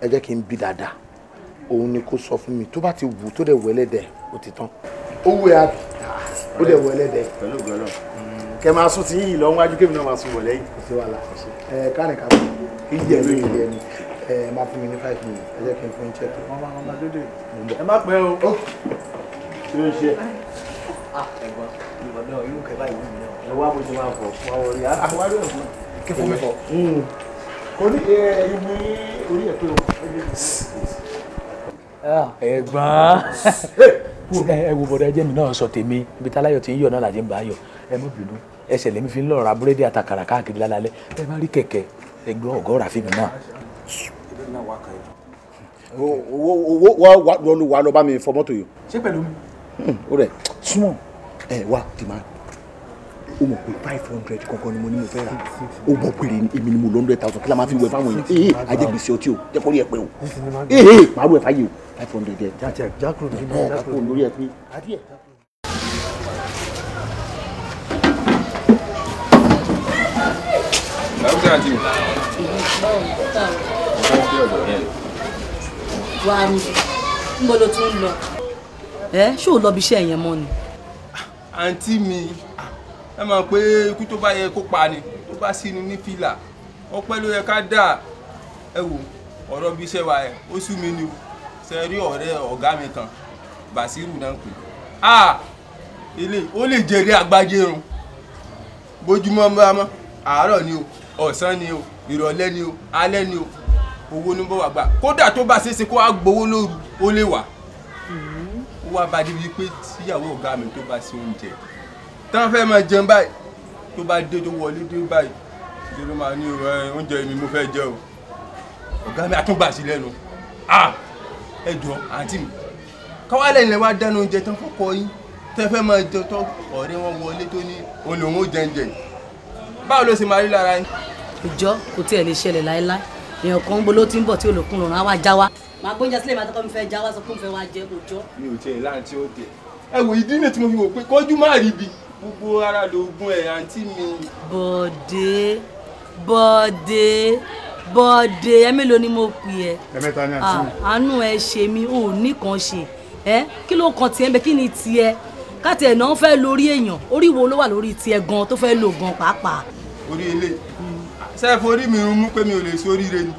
ẹ jẹ́ kí n bí dáadáa òun ni kó sọ fún mi tó bá ti wù tó dẹ̀ wẹ́lẹ́dẹ̀ ó ti tán ẹ máa fún mi ní five minutes ẹ jẹ́ kí n fún yín check. ọmọ ọmọ dúdú ẹ má pẹ́ o. Oh. kí ló ń ṣe. Ah, ẹ̀gbọ́n ìwọ náà yóò kẹ́ báyìí wù mí náà. ẹ wá bó ṣe máa fọ ah, fún àwọn orí àwárí ọ̀gbọ́n kí fún mi fọ. Hmm. kò ní ibi o. Ah. ẹ̀gbọ́n ẹ wo bọ̀dọ̀ ẹjẹ́ mi náà sọ tèmi ibi táláyọ̀ tí ń yọ̀ náà làjẹ́ ń bá yọ̀ ẹ má bínú ẹsẹ̀ lèmi fi ń lọ ra búrẹ́dì àtàkàrà káàkiri lálálẹ́ ẹ má rí kẹ̀kẹ́ ẹgbẹ́ ọ̀gọ́ ràfíìmù náà ebi náà wà kàn yín. owó owó wà lọ́nu wà lọ́ bá mi fọ mọ́tò yìí. ṣé pẹ̀lú mi. o rẹ̀ súnmọ́ ẹ wá tìmá o mọ̀ pé five hundred kankan ni mo ní mo fẹ́ ra o mọ̀ pé èmi ni mo lọ hundred thousand kí la máa fi wẹ fáwọn yẹn ee eh, ajẹ́ gbèsè ọtí o jẹ́ kó rí ẹ pé o ee eh, màá rú ẹ fáyé o five hundred yẹn. jáde jákòó eh, lórí ẹ pé. Tá usando, wà á níbo ló tún ń lọ. ẹ ṣé ò lọ bí iṣẹ́ yẹn mọ́ ni. àǹtí mi ẹ mọ̀ pé ikú tó bá yẹ kó pa ni tó bá sí ni ní fìlà ọpẹ́ ló yẹ ká dà ẹ wò ọ̀rọ̀ bí iṣẹ́ wa ẹ̀ ó sú mi ni o ṣe rí ọ̀rẹ́ ọ̀gá mi kan Bàṣírù náà pè á ilé ó lè jèrè àgbájé irun bójúmọ́ bá mọ́ àárọ̀ ni o ọ̀sán ni o ìrọ̀lẹ́ ni o alẹ́ ni o owó ní bọ̀ wá gbà kódà tó bá ṣeé ṣe kó a gbowó lóru ó lè wà hmm. ó wá bá débi pé tíyàwó ọ̀gá mi tó bá ṣe oúnjẹ tán fẹ́ máa jẹun báyìí tó bá dé tó wọlé dé báyìí ló máa ní oúnjẹ mi mo fẹ́ jẹ o ọ̀gá mi àtúngbà sí lẹ́nu ẹ jọ àǹtí mi káwálẹ̀ ilẹ̀ wa dáná oúnjẹ tán fọ́kọ yín tẹ́ fẹ́ máa jẹ tán ọ̀rẹ́ wọn wọlé tó ní olè òun ó jẹun jẹ báwo ló ṣe máa rí lára yín ìjọ kò tiẹ̀ lè ṣẹlẹ̀ láéláé èèyàn kan ń bolo tí ń bọ̀ tí olùkún lọ́rùn á wá já wa. màá gbóúnjẹ sílẹ̀ màá tọ́kọ́ mi fẹ́ já wa sọ pé mo fẹ́ wá jẹ òjọ. mi ò tiẹ̀ láàrin tí ó tẹ̀ ẹ wò ìdí nìyẹn tí mo fi wò pé kọjú má rí bi gbogbo ara lóògùn ẹ̀ àǹtí mi. bọ̀dé bọ̀dé bọ̀dé ẹ mélòó ni mo pè ẹ. ẹ mẹ́ta ni àǹtí mi. Ah, àánú ẹ ṣe mi ò ní kan ṣe ẹ kí ló kan tiẹ̀ ń kí ni tiẹ̀ káàtì ẹ̀ náà fẹ́ lórí èèyàn orí wo ló wà lórí tiẹ̀ gan tó fẹ́ lò gan pàápàá. orí ilé ṣe forí mi rún mú pé mi ò lè ṣoríire ni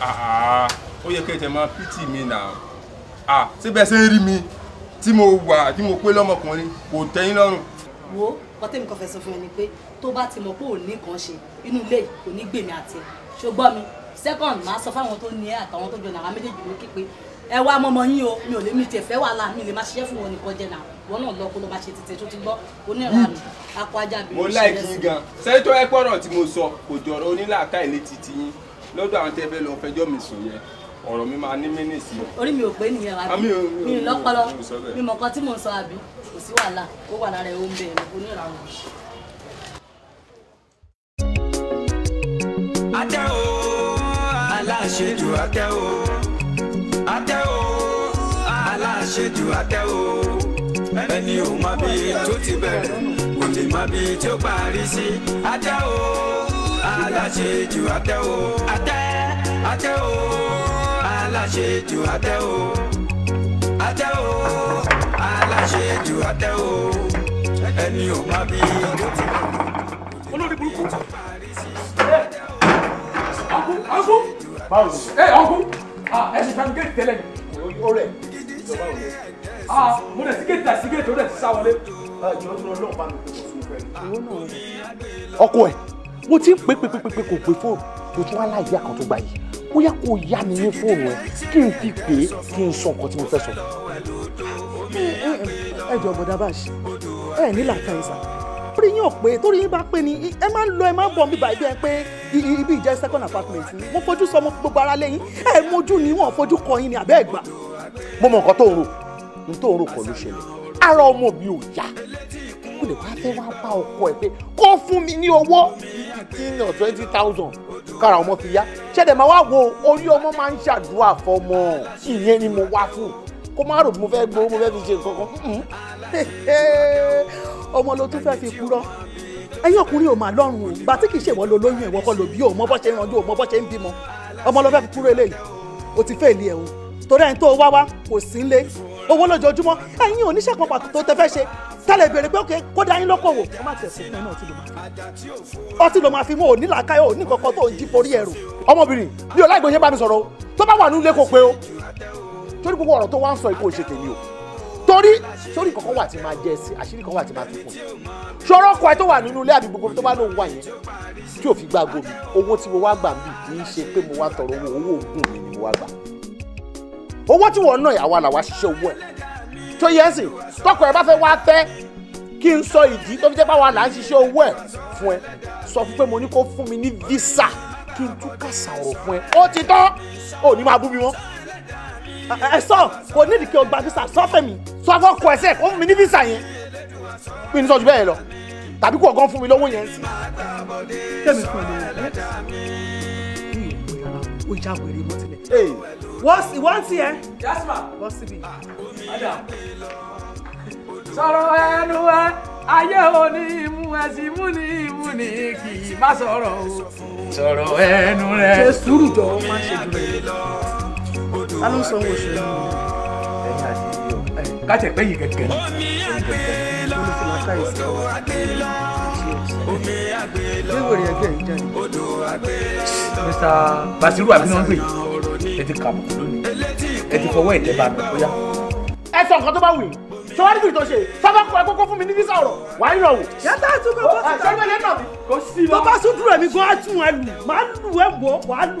ah, ó yẹ kí ẹ tẹ máa pítì mi náà síbẹ̀ ah, ṣe ń rí mi tí mo wà tí mo pé lọ́mọkùnrin kò tẹ́yìn lọ́rùn. wo kọ́tẹ́mi kan fẹ́ fún ẹ ni pé tó bá ti mọ̀ pé òun nìkan ṣe inú ilé kò ní gbèmí àti ẹ̀ ṣùgbọ́n mi second máa sọ fáwọn tó ní ẹ àtàwọn tó jọ nàrà méjèèjì lókè pé ẹ wá mọmọ yín o mi ò lè mi tẹ fẹ́ wàhálà mi lè má ṣiṣẹ́ fún wọn nìkan jẹ náà wọn náà lọ kó ló má ṣe tètè tó ti gbọ́ onírànù hmm. akọ ajá bìrì. mo láì kí gan sẹ́tọ́ ẹ̀pọ̀rọ̀ tí mo sọ kò jọ̀rọ̀ onílàáká ilé titi yín lọ́dọ̀ àwọn tẹ́ fẹ́ lọ fẹjọ́ mi sùn yẹn ọ̀rọ̀ mi máa ní mínísì. orí mi ò pé nìyẹn wa ah, mi mi lọ́pọlọ mi mọ̀ kan tí mò ń sọ àbí kò sí wàhálà ó wà lára ẹ̀ ó ń bẹ̀rẹ̀ onírànù. adá o aláṣejù o àtẹ o aláṣejù àtẹ o ẹni ò mọ bí tó ti bẹ̀rẹ̀ kò lè mọ bí tó parí sí àtẹ o aláṣejù àtẹ o àtẹ àtẹ o aláṣejù àtẹ o àtẹ o aláṣejù àtẹ o ẹni ò mọ bí tó ti bẹ̀rẹ̀ olórí burúkú. Uncle! Uncle! Hey, Uncle! ẹ ṣe fẹ́mi géètì tẹ́lẹ̀ ni. ó rẹ̀ ìjọba ò lè. mo rẹ̀ sí géètì àti géètì ó rẹ̀ sí sáwọlé. ìjọ tó lọ lọ́ọ̀ bá mi kò sún fẹ́. ọkọ ẹ mo ti ń pè pè pè pè kò pè torí yín ò pé torí yín bá pé ni ẹ máa ń lọ ẹ máa ń bọ̀ bí bàbá ẹ pé ibi ìjẹ́ second apartment ni wọ́n fojú sọmọ gbogbo ara lẹ́yìn ẹ mojú ni wọ́n fojú kọ yín ni àbẹ́ ẹ̀ gbà. mo mọ nǹkan tó ń rò n tó ń rò kọ ló ṣẹlẹ̀ ara ọmọ mi ò yá kó lè wá fẹ́ wá bá ọkọ ẹ pé kó fún mi ní owó fifteen or twenty thousand kára ọmọ fi yá ṣẹ̀dẹ̀ máa wá wo orí ọmọ máa ń ṣàdúrà fọmọ ìyẹn ni mo wá fún kó má rò mo fẹ́ gbowó mo fẹ́ fi ṣe nǹkan kan hmm ọmọ ló tún fẹ́ fi kúrọ́ ẹ̀yin ọkùnrin ò mà lọ́rùn o gbà tí kì í ṣèwọ́ lo lóyún ẹ̀wọ́ kọ́ lòbí o mọ bọ́ ṣe ń ranjú o mọ bọ́ ṣe ń bímọ ọmọ ló fẹ́ fi kúrò eléyìí o ti fẹ́ẹ̀lì ẹ̀ o torí ẹni tó wá wá kò sí nílé owó lójoojúmọ́ ẹ̀yin oníṣẹ́ kan pàtó tó tẹ fẹ́ ṣe tẹ́lẹ̀ béèrè pé ókè kó dá yín lókòwò ẹ má tẹ̀sí fún ẹ náà ọtí ló máa fi mú òní làákàyè òní kankan tó ń jí forí ẹrù. ọmọbìnrin mi ò bá mi sọ̀rọ̀ o tó bá wà nílé kò pé o torí gbogbo ọ̀rọ̀ tó wá ń sọ ikú òṣèké ni o torí sórí kankan wà tí máa jẹ sí àṣírí kan wà tí máa fi fún un ṣọ̀rọ̀ ọkọ̀ tó wà nínú ilé àbí gbogbo tó bá lóun wà yẹn tí ò fi gba gomi owó tí mo wá gbà ń bì kì í ṣe pé mo wá tọrọ owó owó oògùn mi ni mo wá gbà owó tí wọ́n náà àwa làwa ṣiṣẹ́ owó ẹ̀ tó yẹ ẹ́ sìn tọkọ ẹ bá fẹ́ wá tẹ́ kí n sọ ìdí tó fi jẹ́ báwa là ń ṣiṣẹ́ owó ẹ̀ fún ẹ sọ fún pé mo ní kó fún mi ní visa kí n tún kàṣà ọ̀rọ̀ fún ẹ ó ti tán ò ní máa bú mi mọ́ ẹ eh, eh, sọ kò ní ìdíkẹ́ ọgbà visa sọ fẹ́mi. sọ akọ kọ ẹsẹ kó mi ní visa yẹn mi ní sọ ju bẹ́ẹ̀ lọ tàbí kó ọgán fún mi lọ́wọ́ yẹn sí. kẹ́mi fún ẹ lọ́wọ́ ó já wèrè mọ́ tilẹ̀. wọ́n wọ́n ti ẹ. jasma wọ́n síbi. sọ̀rọ̀ ẹnu ẹ ayé òní imú ẹsìn mú ní imú ní kì í má sọ̀rọ̀ o. sọ̀rọ̀ ẹnu rẹ. ṣe sùúrù jọ̀ọ́ má ṣe jù rẹ̀ ta kájẹ pé yìí gẹ́gẹ́ Mr. Basiru abinagbe ẹ ti kà mọ́ lónìí ẹ ti fọwọ́ ẹ̀ tẹ́ba mi bóyá. ẹ sọ nǹkan tó bá wù yín sọ wá níbi ìtọ́ṣe sábà kọ ẹkọ́kọ́ fún mi ní físà ọ̀rọ̀ wàá yàn wò. yàtọ̀ àti ọkọ̀ bọ́sùn tàbí ṣẹ́gbẹ́ yẹn tàbí kò sí lọ. bàbá sùn dúró ẹ̀mí gan-an á tún ẹ lù máa lù ẹ wọ̀ wàá lù.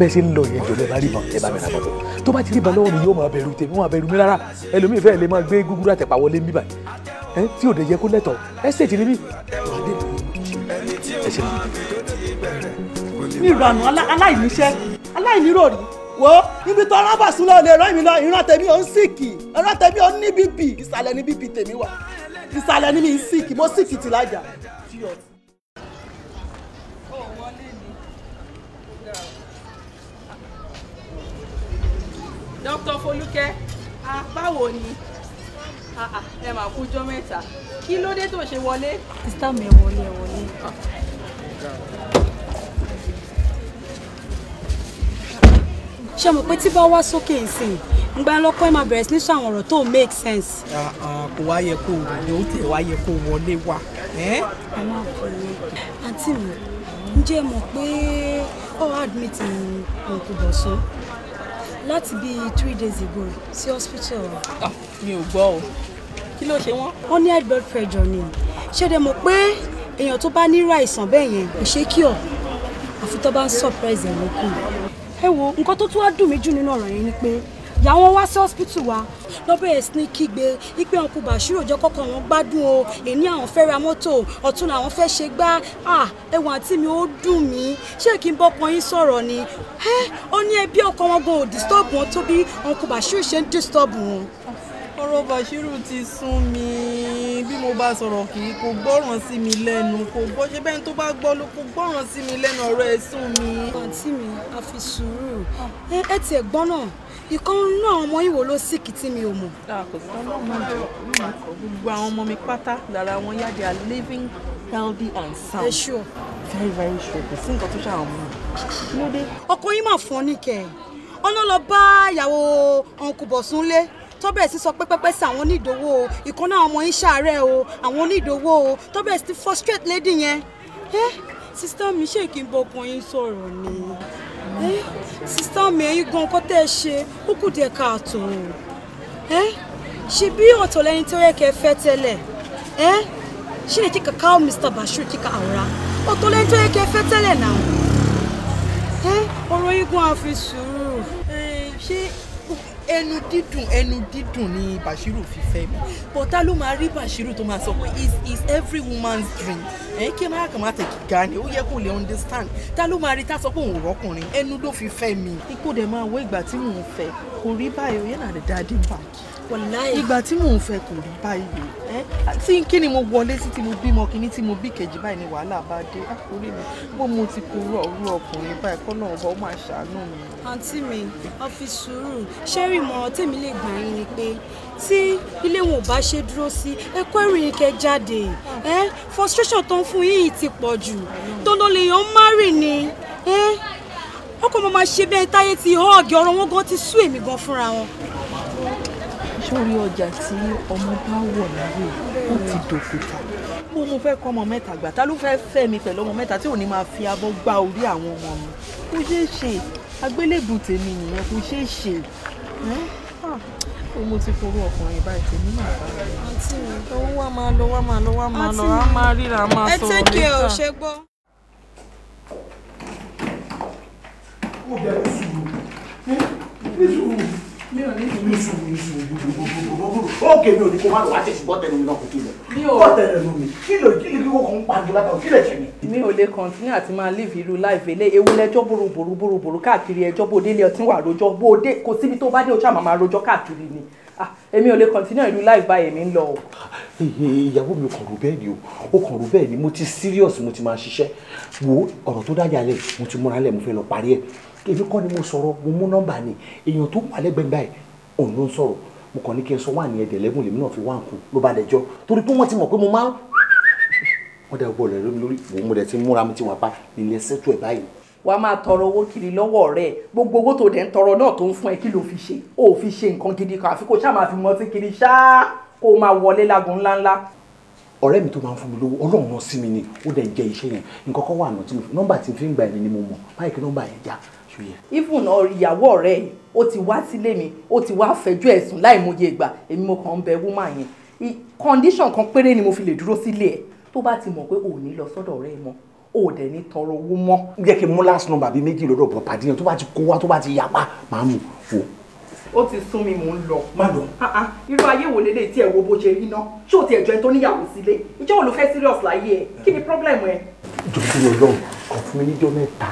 bẹ́ẹ̀ ṣe ń lọ yẹn jọ̀lẹ́ bá rí ban ẹ bá mi ra bọ́tò tó bá ti rí ban lọ́wọ́ mi yóò máa bẹ̀rù tèmi wọ́n máa bẹ̀rù mi rárá ẹlòmíì fẹ́ẹ́ lè máa gbé gúgúrú àtẹ̀pà wọlé ń bíbà ẹ tí ò dé yẹ kó lẹ́tọ̀ ẹ ṣe ti níbí. ní ìrànú aláìníṣẹ́ aláìníròrí wo ibi tó rán bàṣún lọ lè rán mi lọ ìran tèmi ò ń sìkì ìran tèmi ò ń ní bp ìsàlẹ̀ ní bp tèmi wà ìsàlẹ̀ ní mi ń sìkì mo sìkì tìlájà. Dr. Folúkẹ́ báwo ni ẹ máa kújọ mẹ́ta kí ló dé tó ṣe wọlé. sísá mi ẹ wọlé ẹ wọlé. ṣé mo pé tí bá wá sókè nsìn ngbà lọ́kọ́ ẹ máa bẹ̀rẹ̀ sí ní sọ àwọn ọ̀rọ̀ tó make sense. kò wá yẹ kó wọlé ó tẹ̀ wá yẹ kó wọlé wá. àwọn àkọlẹ̀ àǹtí mi ǹjẹ́ mọ̀ pé all oh, admitting kò kò bọ̀ sún láti bíi three days ago sí hospital. Ah, mi ò gbọ́ o kí ló ṣe wọ́n. wọ́n ní high blood pressure ni ṣé dẹ mọ̀ pé èèyàn tó bá nírú àìsàn bẹ́ẹ̀ yẹn kò ṣe kí ọ̀ àfi tó bá ń surprise ẹ̀ lókun. ẹ wo nǹkan tó tún wá dùn mí jù nínú ọ̀rọ̀ yẹn ni pé ìyàwó wá sí hospital wa lọ bẹ̀rẹ̀ sí ní kígbe ipe ọkọ̀ bàṣírò jẹ́ kọ́kọ́ àwọn gbádùn o èní àwọn fẹ́ ra mọ́tò ọ̀tún làwọn fẹ́ ṣe gbá ẹ̀wọ̀n àti mi ó dùn mí ṣé kí n bọ́kọ yín sọ̀rọ̀ ni ó ní ẹbí ọkọ wọn gan ò disturb wọn tó bí ọkọ̀ bàṣírò ṣe ń disturb wọn. ọ̀rọ̀ bàṣírò ti sún mi bí mo bá sọ̀rọ̀ kì í kò gbọ́ràn sí mi lẹ́nu kò gbọ́ ṣe bẹ́ẹ̀ tó bá gbọ́ ló kò gbọ́ràn sí mi lẹ́nu ọ̀rọ̀ ẹ̀ sún mi. àǹtí mi a fi sùúrù ẹ tiẹ̀ gbọ́n náà ìkan nínú àwọn ọmọ ìwò ló síkì tí mi ò mọ̀. Ah, gbogbo àwọn ọmọ mi pátá lára wọn yá they are living healthy and sound. ẹ ṣọ. very very sure kò sí nǹkan tó ṣàwọn mọ. lóde. ọkọ yín mà fún ọ níkẹ ọ̀nà lọ bá ìyàwó ọkùnbọ̀súnlé tọ́bẹ̀ sí sọ pé pẹ́pẹ́ sí àwọn onídòwò o ìkan náà ọmọ yín ṣàárẹ̀ o àwọn onídòwò o tọ́bẹ̀ sí frustrate lady yẹn. ẹ sísítọ́ mi ṣe kí n bọ ọkùnrin sọ̀rọ̀ ni sísá mi ẹ̀yin gan nǹkan tẹ́ ẹ ṣe ó kù díẹ̀ káàtó ẹ ṣe bí ọ̀tọ̀ lẹni tó yẹ kẹ́ fẹ́ tẹ́lẹ̀ ẹ ṣe lè kíkà káwọ́ Mr. Bashir kíkà àwòrán ọ̀tọ̀ lẹni tó yẹ kẹ́ fẹ́ tẹ́lẹ̀ náà ẹ ọ̀rọ̀ igun àfi sùúrù ṣé ẹnu dídùn ẹnu dídùn ni Bashiru fi fẹ́ mi but ta ló máa rí Bashiru tó máa sọ pé is every woman's dream ẹ̀yin kí ẹ má kàn má tẹ̀kí ga ni ó yẹ kó lè understand ta ló máa rí tá sọ pé òun rọ́kùnrin ẹnu ló fi fẹ́ mi ipò dẹ̀ máa wọ ìgbà tí mò ń fẹ́ kò rí báyìí ó yẹn náà lè dá ìgbà tí mò ń fẹ́ kò rí báyìí tí kí ni mo wọlé sí tí mo bímọ kíní tí mo bí kejì báyìí ni wàhálà bá dé àkórí mi bó mo ti kú rọ orú ọkùnrin báyìí kọ́ náà ọba ó máa ṣàánú mi. àǹtí mi ọ sùúrù ṣẹ́rì mọ́ tèmi lè gbà yín ni pé tí ilé wọn ò bá ṣe dúró sí ẹ kó ìrìn kẹ jáde frustration tó ń fún yìí ti pọ̀ jù tó ló lè yan márì ni ọkọ̀ mo máa ṣe bẹ́ẹ̀ táyé ti hàn ọ̀gẹ̀ ọ̀rọ̀ wọn gan ti sú èmi gan fúnra wọn sórí ọjà tí ọmọ bá wọ̀ láyé ó ti dòkúta bó mo fẹ́ kọ́ ọmọ mẹ́ta gbà ta ló fẹ́ẹ́ fẹ́ mi pẹ̀lú ọmọ mẹ́ta tí ò ní máa fi abọ́ gbá orí àwọn ọmọ mi kò ṣeé ṣe agbélébù tèmi nìyẹn kò ṣeé ṣe ah, mo ti forú ọkùnrin báyìí tèmi náà bá rẹ. àǹtí owó wa máa lọ wá máa lọ wá máa lọ á máa ríra máa sọ̀rọ̀ níta. ẹ tẹ́kẹ̀ ò ṣe gbọ́. ó bẹ̀rù sùúrù ní sùúrù mi ò ní kí n sùn mi sùn ókè mi ò ní kó má lọ wá tẹ̀sí bọ́ tẹnu mi náà kò tó lọ bọ́ tẹnu mi kí ló kí ló kó ń pariwo látọ̀ kí lè ṣe mi. mi ò lè kọ́ntínú àti máa live irú life ilé ewu lẹ́jọ́ bòròbòrò bòròbòrò káàkiri ẹjọ́ bó délé ọtí wà rojọ́ bó dé kò síbi tó bá dé ojú àmà máa rojọ́ káàkiri ni ah, èmi ò lè kọ́ntínú irú life báyìí mi ń lọ o. ìyàwó mi ò kàn rò bẹ́ẹ̀ ni o ó kàn rò bẹ́ẹ̀ ni mo ti serious mo ti máa ṣiṣẹ́ wo ọ̀rọ̀ tó dájà lẹ̀ mo ti múra lẹ̀ mo fẹ́ lọ parí ẹ̀ èmi kọ́ ni mo sọ̀rọ̀ mo mú nọ́mbà ni èèyàn tó wà lẹ́gbẹ̀ẹ́ báyìí òun ló ń sọ̀rọ̀ mo kàn ní kí n sọ wà ní ẹ̀dẹ̀ lẹ́gùn lèmi náà fi wá nǹkan ló bá dẹjọ́ torí pé wọ́n ti mọ̀ pé mo máa ń [LAUGHS] wọ́n dẹ̀ bọ̀ lẹ́rú mi lórí mo dẹ̀ ti múra mi ti wà pa nílẹ̀ sẹ́tù ẹ̀ báyìí. wàá máa tọrọ owó kiri lọ́wọ́ rẹ̀ gbogbo owó tó dẹ̀ ń tọrọ náà tó ń fún ẹ kí ló fi ṣe ó fi ṣe nǹkan gidi kan àfi kó ṣáà máa fi mọ sí kiri ṣáá kó máa wọlé lágun ńláńlá ọ̀rẹ́ mi tó máa ń fún mi lówó ọlọ́run náà sí mi ni ó dẹ̀ jẹ́ iṣẹ́ yẹn nǹkan kan wà náà tí mo fi nọ́mbà tí n fi ń gbà yẹn ni mo mọ̀ báyìí kí nọ́mbà yẹn já even ìyàwó ọ̀rẹ́ yìí ó ti wá sílé mi ó ti wá fẹjọ́ ẹ̀sùn láìmọye ìgbà èmi mo kàn ń bẹ woman yẹn condition kan péré ni mo fi lè dúró sílé ẹ̀ tó bá ti mọ̀ pé ò ní lọ sọ́dọ̀ ọ̀rẹ́ mọ́ ò dẹ̀ ní tọrọ owó mọ́. ó yẹ kí n mú last number bíi méjì lọ́dọ̀ bọ̀ pàdé yẹn tó bá ti kó wá tó bá ti yapa máa mú wò. ó ti sún mi mò ń lọ. má lọ. Ah, ah, irú ayé wo lélẹ̀ tí ẹ wo bó ṣe rí ná ṣé o ti ẹ̀jọ́ ẹ tó níyàwó sílé ìjọ́ òun serious láyé ẹ kí ni problem ẹ. jọ̀ọ́ fún mi lọ́wọ́ kàn fún mi níjọ́ mẹ́ta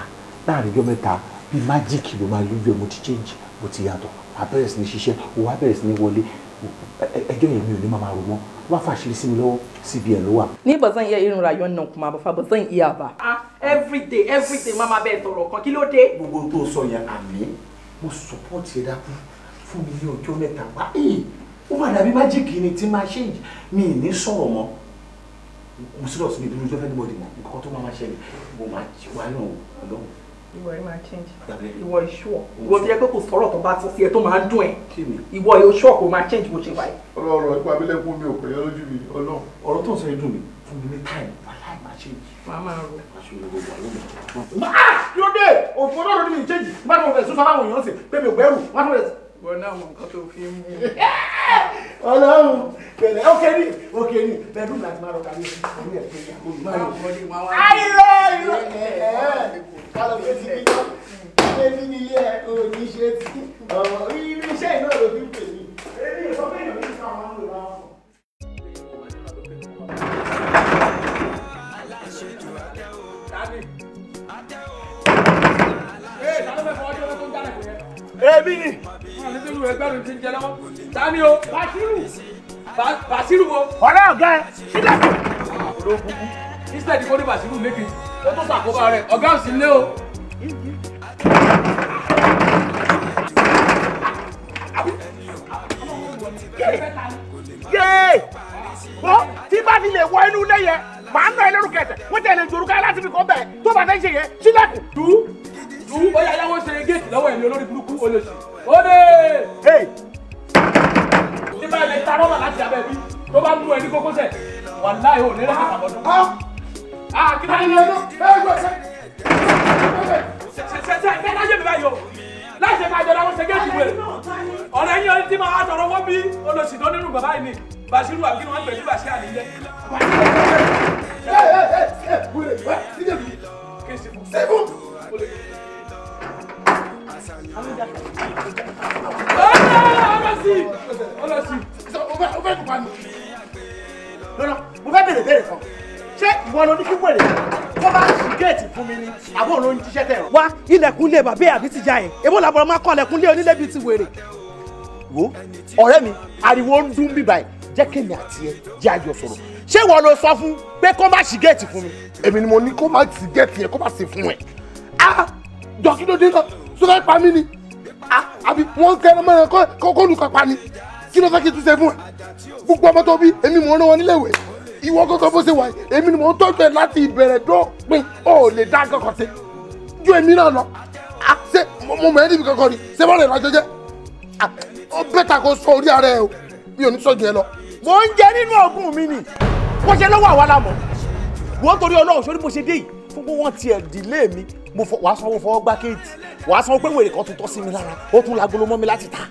láàrin ìjọ́ mẹ́ta bí májíìkì ló máa lójú ẹ mo ti change mo ti yàtọ̀ wàá bẹ̀rẹ̀ sí ní ṣiṣẹ́ wàá bẹ̀rẹ̀ sí ní wọlé ẹjọ́ yẹn mi ò ní máa máa rò mọ́ wá fàṣírí sí mi lọ́wọ́ cbn ló wà. ní bọ̀ zan iya irin rayuwar nan kuma ba fa ba zan iya ba. ah everyday everyday mama bẹ́ẹ̀ tọrọ kan kí ló dé. gbogbo tó sọ yẹn àmì mo support ẹ dákú fún mi ní ọjọ́ mẹ́ta wá ó máa dàbí májíìkì ni tí máa ṣe mi ní sọ̀rọ̀ mọ́ mo sì lọ sí mi dúró jọ́fẹ́ mọ́ nǹkan tó máa máa ṣẹlẹ̀ mo máa wá náà ọlọ́run ìwọ yìí máa change ìwọ ìṣúọ ìwọ tó yẹ pé kò sọ̀rọ̀ tó bá ti sí ẹ tó máa ń dùn ẹ ìwọ yìí ìṣúọ kò máa change bó ṣe wáyé. ọ̀rọ̀ ọ̀rọ̀ ipa abilékun mi ò pè é lójú mi Ọlọ́run ọ̀rọ̀ tó ń sọ yìí dùn mí fún mi ní time wàhálà máa change. wàá máa ro. yóò ah! dé òfin ọlọ́run ní mi change má tó fẹ̀ sọ́sọ́ láwọn èèyàn sè pé mi ò gbẹ́rù má tó fẹ̀ wọn náà mọ nǹkan tó fi ń mú. [LAUGHS] ọlọ́run pẹ̀lẹ́ ó kéré ó kéré bẹ́ẹ̀dùn láti máa rọ̀ka ní orí ẹ̀ pẹ̀lú ìyàwó ìmọ̀ rẹ̀. ìlú ẹ̀ ẹ̀ kálọ̀ tó ti bí ilé ní ilé ẹ̀ òní ṣe ti ọmọ irú iṣẹ́ iná ló fi ń pè mí. èmi ìfọ́fẹ́ ìlú ti ká wọn lò wọn. Èmi ni nítorí ẹgbẹ́ mi ti ń jẹ lọ́wọ́ tani o Basiru Basiru o. ọ̀rẹ́ ọ̀gá ẹ sílẹ̀. ló kúkú iṣẹ́ ìdìbò ní Basiru lékè ó tó sàkóbá rẹ̀ ọ̀gá ò sí lé o. yéé bó tí bá ti lè wọ inú ilé yẹn màá nọ ẹlẹ́rù kẹsẹ̀ wọ́n tẹ̀lé jòrúkà láti fi kọ́ bẹ̀ tó bá fẹ́ ṣe yẹn sílẹ̀kùn. tú tú ó yà yà wọ́n ṣe géètì lọ́wọ́ ẹ̀mí olórí burúkú olóṣèlú. wàláì ò ní lẹ́sẹ̀ àbọ̀dún. a kí ló dé lọ. sẹsẹsẹ ìfẹ́ láyé mi báyìí oh, o láì ṣe ká jọ láwọn ṣe géèjì wẹ̀ ọ̀rẹ́ yín ọtí máa tọrọ wọ́n bí olóṣìdó nínú bàbá yìí ni Basiru àbí wọn gbẹ̀jú bàṣẹ àníyẹ. sẹ́fù. ọ̀rẹ́ ọ̀rẹ́ sí i. wọn lọ ní kí wèrè tó bá sì géètì fún mi ni àbọ̀ ló ń jíṣẹ́ tẹ̀. wá ilẹ̀kùn ilé bàbá àbí ti já yẹn èbó làbọ̀rọ̀ máa kọ́ ilẹ̀kùn ilé onílé bíi ti wèrè. wo ọ̀rẹ́ mi ariwo ń dún bíbá ẹ̀ jẹ́ kémi àti ẹ jẹ́ àjọ sọ̀rọ̀ ṣé wọ́n ló sọ fún pé kó má sì géètì fún mi. èmi ni mo ní kó má sì géètì yẹn kó má sì fún ẹ. a dọ̀kídọ̀dé náà tó fẹ́ pa mí ni àbí wọ́n kẹ́rọ mẹ́rin kó lùkọ́ pa ni kí ló fẹ́ kí n tún ṣe fún ẹ. gbogbo ọmọ tó bí èmi mò ń rán wọn níléèwé ìwọ gángan bó ṣe wà yìí èmi ni mò ń tọ́jú ẹ láti ìbẹ̀rẹ̀ dópin ó lè dá kankan sí ju èmi náà lọ ṣé mo mọ̀ ẹ́ níbi kankan ni ṣé bọ́ọ̀lù ìrìnàjò jẹ́ ó bẹ́tà kó sọ orí ara ẹ o mi ò ní sọ́jú ẹ lọ. mò ń jẹ nínú ọgùn mi nì wọ́n ṣe lọ́wọ́ àwa làmọ́ wọ́n torí ọlọ́run sórí mo ṣe dé yìí fún pé wọ́n tiẹ̀ dìlé mi mo fọ wàá sanwó fọwọ́ gbá kéètì wàá sanwó pé wèrè kan tún tọ́ sí mi lára ó tún lagolo mọ́ mi láti ta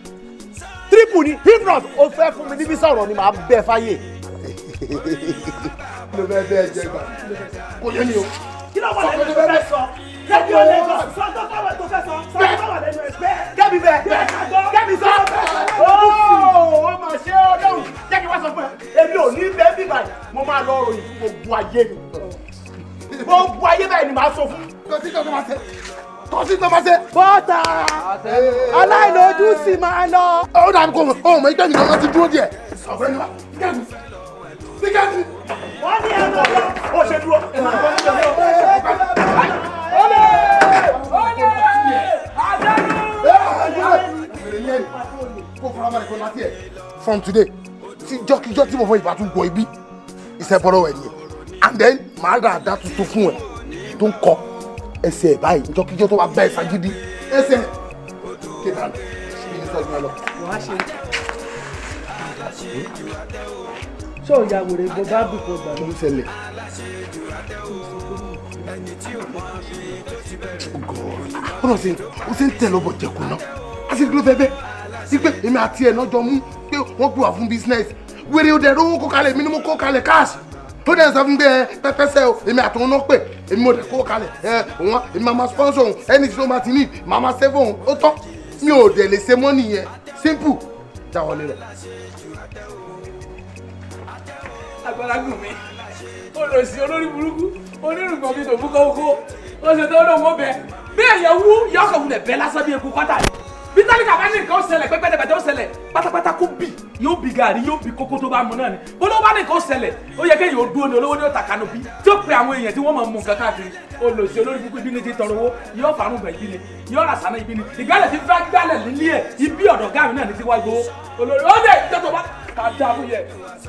triple ni if not o fẹ́ fún mi níbi sọ̀rọ̀ ni màá bẹ́ fáyé ló bẹ bẹ jẹ gbà kò yé mi o. kí ló wà lẹ́nu tó fẹ́ sọ kẹ́bi ò lè sọ sọ́tọ́ káwé tó fẹ́ sọ sọ́tọ́ káwé lẹ́nu ẹ̀ bẹ́ẹ̀ kẹ́bi bẹ́ẹ̀ bẹ́ẹ̀ kẹ́bi sọ ooo oh, o mà ṣe é ọlọ́run jẹ́ kí wọ́n sọ fún ẹ èmi ò ní bẹ́ẹ̀ bí báyìí mo máa lọ ròyìn fún gbogbo ayé mi gbogbo ayé báyìí ni màá sọ fún. kọ́sí tó máa ṣe kọ́sí tó máa ṣe. Oh aláìlójú sì Oh my God! dàbí kò mọ̀ ọ́ mọ̀ ìgbẹ́ni kan ti dúró díẹ̀. ọ̀gbẹ́ni wa kẹ́mi from today tí jọ́kíjọ́ tí mo fọ ìbátú gbọ́ ibi ìṣẹ́bọ̀rọ̀ ẹ̀ nìyẹn and then my ra àdá tuntun fún ẹ tó ń kọ ẹsẹ̀ ẹ̀ báyìí jọ́kíjọ́ tó wá bẹ́ẹ̀ ṣagídí ẹsẹ̀ kéde àná ṣe é ṣé ò ya wèrè bó bá bì kó gbà ló ń ṣẹlẹ̀. ọ̀rọ̀ ṣe ó ṣe ń tẹ̀ lọ́bọ̀ jẹ̀kù náà a sì ló fẹ́ bẹ́ẹ̀ sí pé èmi àti ẹ̀ náà jọ mú pé wọ́n business We're ó dẹ̀ rówó kó kalẹ̀ mi ni mo kó kalẹ̀ káàsì tó dẹ̀ sọ fún bẹ́ẹ̀ pẹ́pẹ́sẹ́ o èmi àtọ̀hún náà pè èmi mo dẹ̀ kó kalẹ̀ ẹ òun èmi máa ma sponsor òun ẹni tí ó máa ti ní máa ma save òun mi ò dẹ̀ lè ṣe mọ́ nìyẹn simple dáwọ́lé rẹ̀ agbálágùn mi olùsí olórí burúkú onírùngbọ̀n mi tòbú kọ́kọ́ ó ṣe tó lóun ó bẹ bẹ́ẹ̀ yẹ wú yọkọ̀ wulẹ̀ bẹ́ẹ̀ lásán bí eku kọ́tà ni bí tálíkà bá ní nǹkan ó ṣẹlẹ̀ pẹ́pẹ́dẹ́gbẹ́dẹ́ ó ṣẹlẹ̀ pátápátá kó bì yóò bì gàrí yóò bì kókó tó bá mu náà ni olówó bá ní nǹkan ó ṣẹlẹ̀ ó yẹ kéèyàn ó dúró ni olówó ní ó ta kanopi tí ó pe àwọn èèyàn tí wọ́n máa mú nǹkan káàkiri olùsí olórí kúkú ibi ní ti tọrọ owó yóò fàánù bẹ̀ yí ni yóò rà sànà ibi ni ìgbàlẹ̀ ti fẹ́ gbàlẹ̀ nílé ẹ̀ ibi ọ̀dọ̀ gáàmì náà ní ti wá gbowó olórí ó dẹ̀ ìjọ́ tó bá ká dá yẹ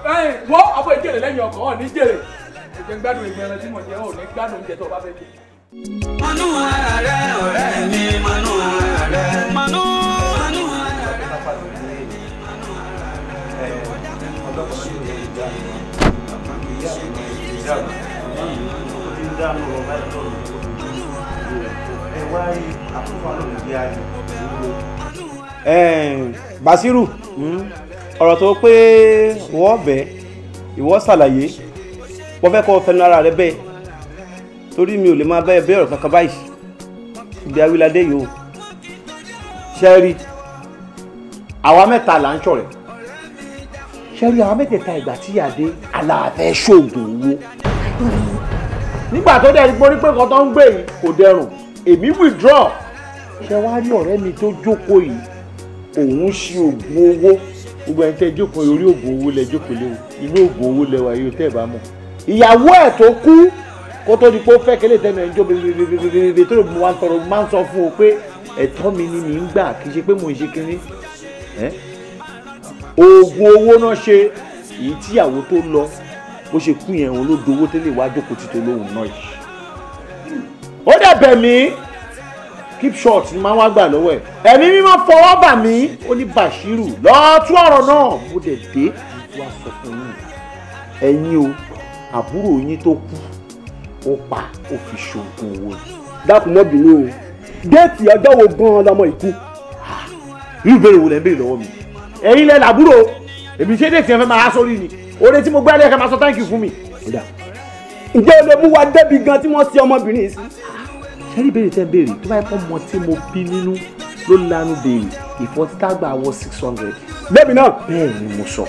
ẹyìn wọ àbọ lẹ́yìn ọkọ ọ ní jèrè ìjẹ gbádùn ìgbẹ tí mo jẹ ò ní gbádùn oúnjẹ tó bá fẹ́ jẹ. manu ara rẹ ọ̀rẹ́ mi manu ara rẹ manu manu ara rẹ. Basiru. Mm ọ̀rọ̀ tó pé wọ́n bẹ̀ ìwọ ṣàlàyé wọ́n fẹ́ kọ́ fẹnu ara rẹ bẹ́ẹ̀ torí mi ò lè máa bẹ́ẹ̀ bẹ́ẹ̀ ọ̀rọ̀ kankan báyìí ìgbé awíládé yìí o ṣẹ́rí àwa mẹ́ta là ń ṣọ̀rẹ́ ṣẹ́rí àwa mẹ́tẹ̀ẹ̀ta ìgbà tí yàdé aláàfẹ́ ṣoògùn owó nígbà tó dẹ̀ gbórí pé nǹkan ń gbé yìí kò dẹrùn èmi withdraw ṣẹ wá rí ọ̀rẹ́ mi tó jókòó yìí òun ṣe oògùn owó gbogbo ẹni tẹ́ jókòó orí oògùn owó lẹ jókòó léwu inú oògùn owó lẹ wà yóò tẹ́ ẹ̀ bá mọ̀ ìyàwó ẹ̀ tó kú kó tó di pé ó fẹ́ kélé tẹ́nu ẹ̀ ń jó bèbèbèbè tó lè mú wa ń tọrọ máa ń sọ fún o pé ẹ̀tọ́ mi ni mi ń gbà kì í ṣe pé mò ń ṣe kínní oògùn owó náà ṣe èyí tíyàwó tó lọ bó ṣe kú yẹn òun ló dowó tẹ́lẹ̀ wá jókòó títí olóhùn náà yìí ó dẹ̀ bẹ̀ mí keep short ni máa ń wá gbà lọ́wọ́ ẹ̀ ẹ̀mí mímọ́ fọwọ́ bà mí ó ní Bàṣírù lọ́ọ́tún ọ̀rọ̀ náà mo dẹ̀ dé wá sọ fún yín ẹ̀yin o àbúrò yín tó kú ó pa ó fi ṣoògùn owó ni. dákun mọ́ bínú o déètì ọjọ́ wo gan-an lọmọ ìkú. irú ìbéèrè wo lẹ ń béèrè lọ́wọ́ mi ẹ̀yin lẹ làbúrò èmi ṣé déètì yẹn fẹ́ máa sórí ni oore tí mo gbé alẹ́ kẹ́ máa sọ thank you fún mi. ǹjẹ́ o lè mú wa débi gan tí wọ́n sí ọmọbìnrin sí ṣẹ́rí béèrè tẹ́ ń béèrè tó bá yẹ kó mọ tí mo bí nínú ló lanu béèrè ìfọ̀sítágbà wọ six hundred. bẹ́ẹ̀ni náà. bẹ́ẹ̀ ni mo sọ.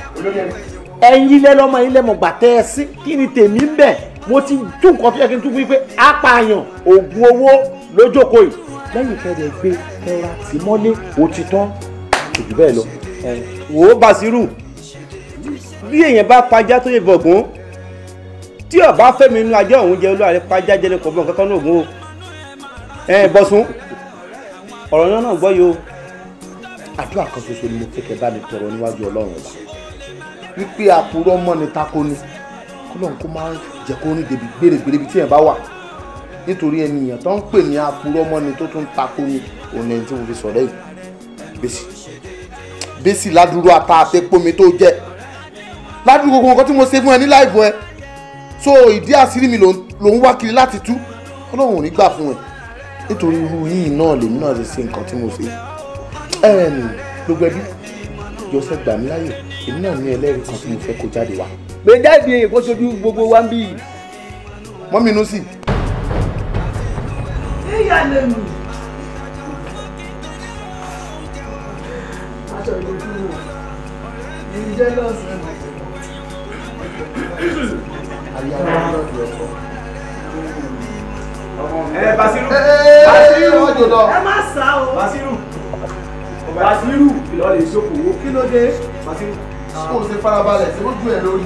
ẹ̀yin lẹ́lọ́mọ yín lẹ́mọ̀ gbà tẹ́ ẹ sí kí ni tèmi ń bẹ̀ mo ti tún nǹkan tó yẹ kí n tún fún yín pé apààyàn oògùn owó lójókòó yìí. lẹ́yìn kẹ́rẹ̀ gbé kẹ́ra tì mọ́lé òtítọ́ kò bẹ́ẹ̀ lọ. wò ó Basiru bí èèyàn bá pajá tó yẹ bọ̀gùn tí ọba fẹ́mi inú ajá òun jẹ́ olúwa rẹ̀ pajá jẹ́ ní kọ̀ọ̀bọ̀n kankan náà ògùn o ẹ bọ́sùn ọ̀rọ̀ yẹn náà gbọ́ yìí o àdúrà kan ṣoṣo ni mo kékeré bá mi tọrọ níwájú ọlọ́run ọba wípé àpòrọ̀ mọ́ ni tako ni kọ́lọ́n kó máa jẹ́ kó rìn débi gbèrègbèrè ibi tí yẹn bá wà nítorí ènìyàn tó ń pè ní àpòrọ̀ mọ́ ni tó tún tako ni òun ẹni tí mo fi sọ̀rọ̀ yìí bẹ́sì bẹ́sì ládùúrú ata àti pomi tó jẹ́ ládùúrú gbogbo nǹkan tí mo ṣe fún ẹ ní láìbọ̀ ẹ so ìdí àṣírí mi ló ń wá kiri láti tú ọlọ́run ò ní gbà fún ẹ nítorí irú yìí náà lèmi náà ṣe ṣe nǹkan tí mo ṣe gbogbo ẹbí jọsẹ gbà mí láyè èmi náà ní ẹlẹ́rìí kan tí mo fẹ́ kó jáde wá. gbé jáde kó sojú gbogbo wa ń bí. mọ́mí inú sì. yíyá lè mú. Jealous. I am not your fault ẹ eh, Basiru eh, eh, Basiru ẹ má sá Basiru. Basiru Basiru ìlọ lè ṣokòwò kí ló dé Basiru. kó o ṣe farabalẹ̀ ṣe ojú ẹ lórí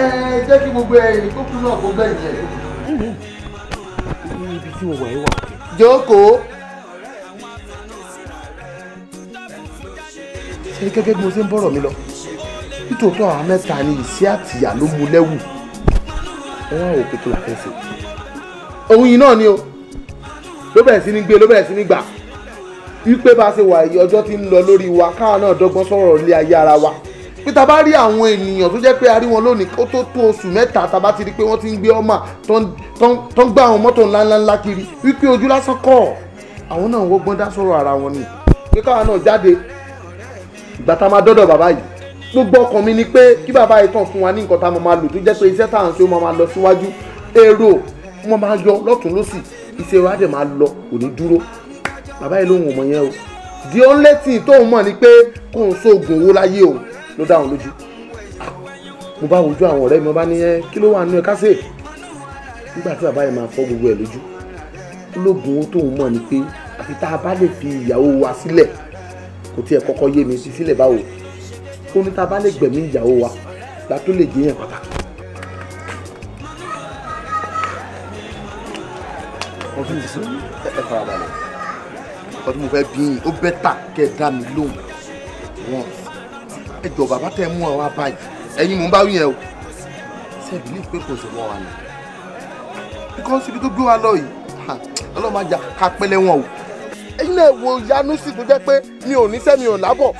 ẹ jẹ́ kí gbogbo ẹ̀yìn tó kú náà kó bẹ́ẹ̀ jẹ. ibi tí mo wà ẹ wà. jókòó. ṣé gẹ́gẹ́ bí mo ṣe ń bọ̀rọ̀ mi lọ nítòótọ́ àwọn mẹ́ta ni ìṣí àtìyà ló mu lẹ́wù. wọ́n á wò pé la fẹ́ ṣe òun yìí náà ni o ló bẹ̀rẹ̀ sí ní gbé ló bẹ̀rẹ̀ sí ní gbà wípé bá a ṣe wà yìí ọjọ́ ti ń lọ lórí wa káà náà dọ́gbọ́n sọ̀rọ̀ ilé ayé ara wa bí ta bá rí àwọn ènìyàn tó jẹ́ pé a rí wọn lónìí kó tó tó oṣù mẹ́ta ta bá ti rí pé wọ́n ti ń gbé ọmọ tó ń gbá àwọn mọ́tò ńláńlá kiri wípé ojú lásán kọ́ àwọn náà wọ́gbọ́n dá sọ̀rọ̀ ara wọn ni pé káwọn náà jáde ìgbà tá a máa dọ́dọ̀ bàbá yìí gbogbo ọkàn mi ni pé kí bàbá yìí tàn fún wa ní nǹkan tá a máa lò tó jẹ́ pé iṣẹ́ tá à ń ṣe ó máa lọ síwájú èrò wọ́n máa yọ lọ́tún lọ́sì iṣẹ́ wa dẹ̀ máa lọ kò dúró bàbá yìí lóhùn ọmọ yẹn o the only thing tóun mọ̀ ni pé kóun sóògùn owó láyé òun ló dá òun lójú ah, mo bá wojú àwọn ọ̀rẹ́ mi mo bá ní kí ló wà nínú ẹ ká nígbà tí bàbá yìí máa fọ́ gbogbo ẹ̀ lójú lóògùn owó tóun mọ̀ ni pé àfi tá a bá lè fi ìyàwó wa sílẹ̀ kò tiẹ̀ kọ́kọ́ yé mi sí sílẹ̀ báwo ó ní tá a bá lè gbẹ̀mí ìyàwó wa la tó lè jẹ́yàn pàtàkì bí mi sí ẹ fara balẹ̀ ọdún mo fẹ́ bí yín ó bẹ́ tà kẹ́ ẹ dá mi lóhùn wọn ẹ jọ bàbá tẹ mú ọ wá o sẹ́ẹ̀bì ní ìpè kò sí wọn wà ní because ibi tó gbé wa lọ yìí ọlọ́run máa jà ká pẹ́lẹ́ wọn o ẹ̀yin náà wo yanu sí tó jẹ́ pé mi ò ní sẹ́mi ò lábọ̀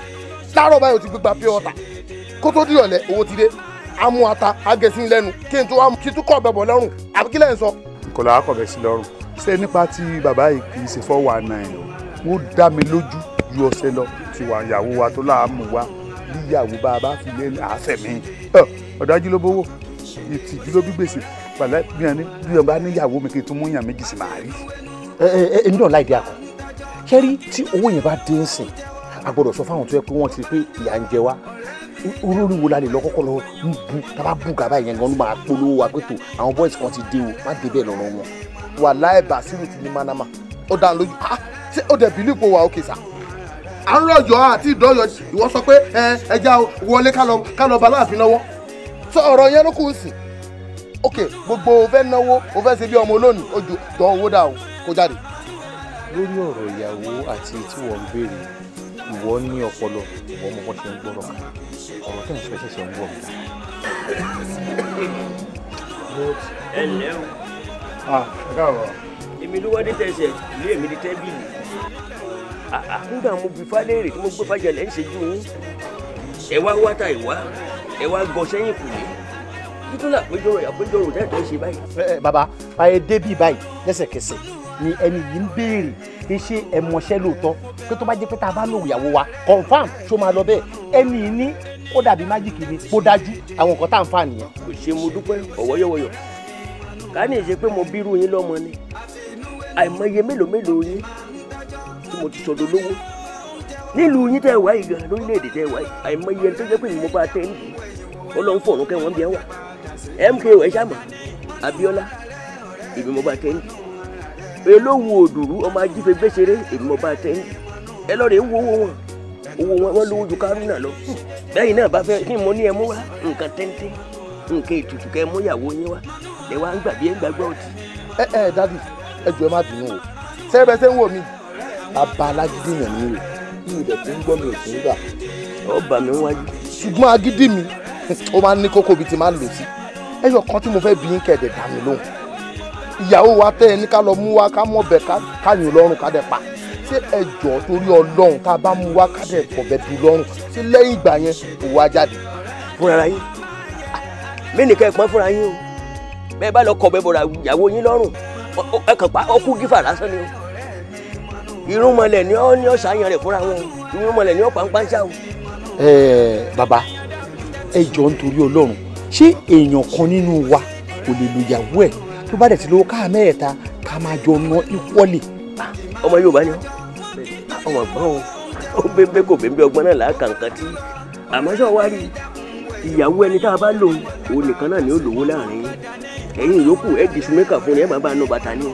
láàárọ̀ báyìí o ti gbégbá pé ọ̀tà kó tó dìrọ̀lẹ́ owó ti dé amú ata agẹ̀sìn lẹ́nu kí n tó wá kí n tó kọ̀ ọ̀bẹ bọ̀ lọ́rùn àbí kí lẹ́yìn ṣe nípa ti bàbá yìí kì í ṣe four one nine wọ́n dá mi lójú ju ọ̀sẹ̀ lọ tiwa ìyàwó wa tó láàmú wa níyàwó bá a bá fi lé àáfẹ́ mi ọ̀dájú ló bówó ìtìjú ló bí gbèsè pàlẹ́ bí wọn bá níyàwó mi kì í tún mú yàn méjì sí màá rí. ẹ ẹ ẹ láì dé àkọ́ kẹ́rí tí owó yẹn bá dé ń sìn sọ fáwọn tó yẹ pé wọ́n ti pé ìyà ń jẹ wá olórí wo la lè lọ kọ́kọ́ lọ bu taba bu gaba yẹn gan ló máa polówó wa pé tó àwọn boys kan ti dé o má dé bẹ́ẹ̀ lọ́rọ̀ wọn wàláì bàṣírù ti ní manama ó dá lójú ah ṣé ó dẹ̀ bílí ipò wa òkè sá à ń àti ìdọ́yọ̀ ìwọ sọ pé ẹ ẹja wọlé ká lọ bá láàfin lọ́wọ́ sọ ọ̀rọ̀ yẹn ló kù sí ok gbogbo o fẹ́ náwó o fẹ́ ṣe bí ọmọ olónìí ojú tọ́ owó dà o kó jáde. lórí ọ̀rọ̀ ìyàwó àti tí wọ́n ń béèrè ìwọ ní ọpọlọ ìwọ ọmọ bọ́ ṣe ń gbọ́rọ̀ kan ọ̀rọ̀ tẹ̀ ń sọ ṣẹ̀ṣẹ̀ ń wọ̀ Ah, èmi ló wá dé tẹsẹ̀ ìlú èmi di tẹ́bìlì ah, ah, nígbà mo bí fálẹ́rì tí mo gbé fàjẹlẹ̀ ń ṣe ju yín ẹ wá wá ta ìwá ẹ wá gọ sẹ́yìn kù mí títúlà péjọrò àpéjọrò tẹ́tọ̀ bàbá báyẹn débì báyìí lẹ́sẹ̀kẹsẹ̀ ni ẹni yìí ń béèrè pé ṣé ẹ mọṣẹ́ lóòótọ́ pé tó bá jẹ́ pé tá a bá lò ìyàwó wa confam ṣó máa lọ bẹ́ẹ̀ ẹni ní ó dàbí májíkì ni kó dájú àwọn nǹkan tá à ń fà nìyẹn. kò ṣe mo dúpẹ́ ọ̀wọ́yọ̀wọ̀yọ̀ ká ní ìṣe pé mo bírú yín lọ́mọ ni àìmọye mélòó mélòó yín tí mo ti sọ̀dọ̀ lówó nílùú yín tẹ́ wá yìí gan lórílẹ̀‐èdè tẹ́ wá yìí àìmọye tó jẹ́ pé mo bá tẹ́ ń dùn ọlọ́run fọ̀run kẹ́ wọ́n bí ẹ wà mko ẹ ṣàmọ̀ Abíọ́lá èmi mo bá tẹ́ ń dùn olówó òdùrú ọmọ ajífẹ́ gbèsèré èmi mo bá tẹ́ ń dùn ẹ lọ́ọ́ rẹ̀ ń wo owó wọn owó wọn wọn lówó ju kárúnà lọ bẹ́ẹ̀ náà bá kí n mọ ní ẹ mú wá nǹkan tẹ́ńtẹ́ nǹkan ètùtù kẹ́ mú ìyàwó yín wá ẹ wá ń gbàgbé ẹ ń gbàgbọ́ òdì. ẹ ẹ dadi ẹ jọ̀ọ́ má bínú o sẹ́ẹ̀bẹ̀ sẹ́ ń wò mí bàbá alágídí yàn mí o bí ilẹ̀ tó ń gbọ́ mi ò tún gbà. ọba mi wájú. ṣùgbọ́n agídí mi ó máa ń ní kókó bíi ti máa ń lò sí ẹyọ kan tí mo fẹ́ bí kẹ̀dẹ̀ dá mi lóhùn ìyàwó wa tẹ́ ẹ ní ká lọ mú wa ká mọ̀ bẹ̀ ká yìn lọ́rùn ká dẹ̀ pa ṣé ẹjọ́ torí ọlọ́run tá a bá mú wa ká dẹ̀ pọ̀ bẹ̀ bí lọ́rùn ṣé lẹ́yìn ìgbà yẹn òwò ajáde. fúnra yín mí nìkan ẹ̀pọ́n fúnra yín o bẹ́ẹ̀ bá lọ kọ bẹ́ẹ̀ bọ̀ra ìyàwó yín lọ́rùn ẹ kàn pa ọkú gífà lásán ni irúnmọlẹ̀ ni ọ ní ọ̀sán rẹ̀ fúnra wọn irúnmọlẹ̀ ni ọ pàǹpáṣá o. ẹ bàbá ẹ jọ nítorí Ọlọ́run ṣé èèyàn kan nínú wa kò lè lu ìyàwó ẹ tó bá dẹ̀ ti lówó káà mẹ́ẹ̀ta ká máa jọ ná ìwọ́lẹ̀. ọmọ Yorùbá ni ọmọ ọgbọ́n o ó bébé kò bébé ọgbọ́n náà làákàǹkà tí àmọ́ sọ wá rí ìyàwó ẹni tá a bá lò òun nìkan náà ni ó lówó láàrin yín ẹ̀yin yòókù ẹ̀ di sùmẹ́kà fún ni ẹ̀ máa bá nù bàtà ni o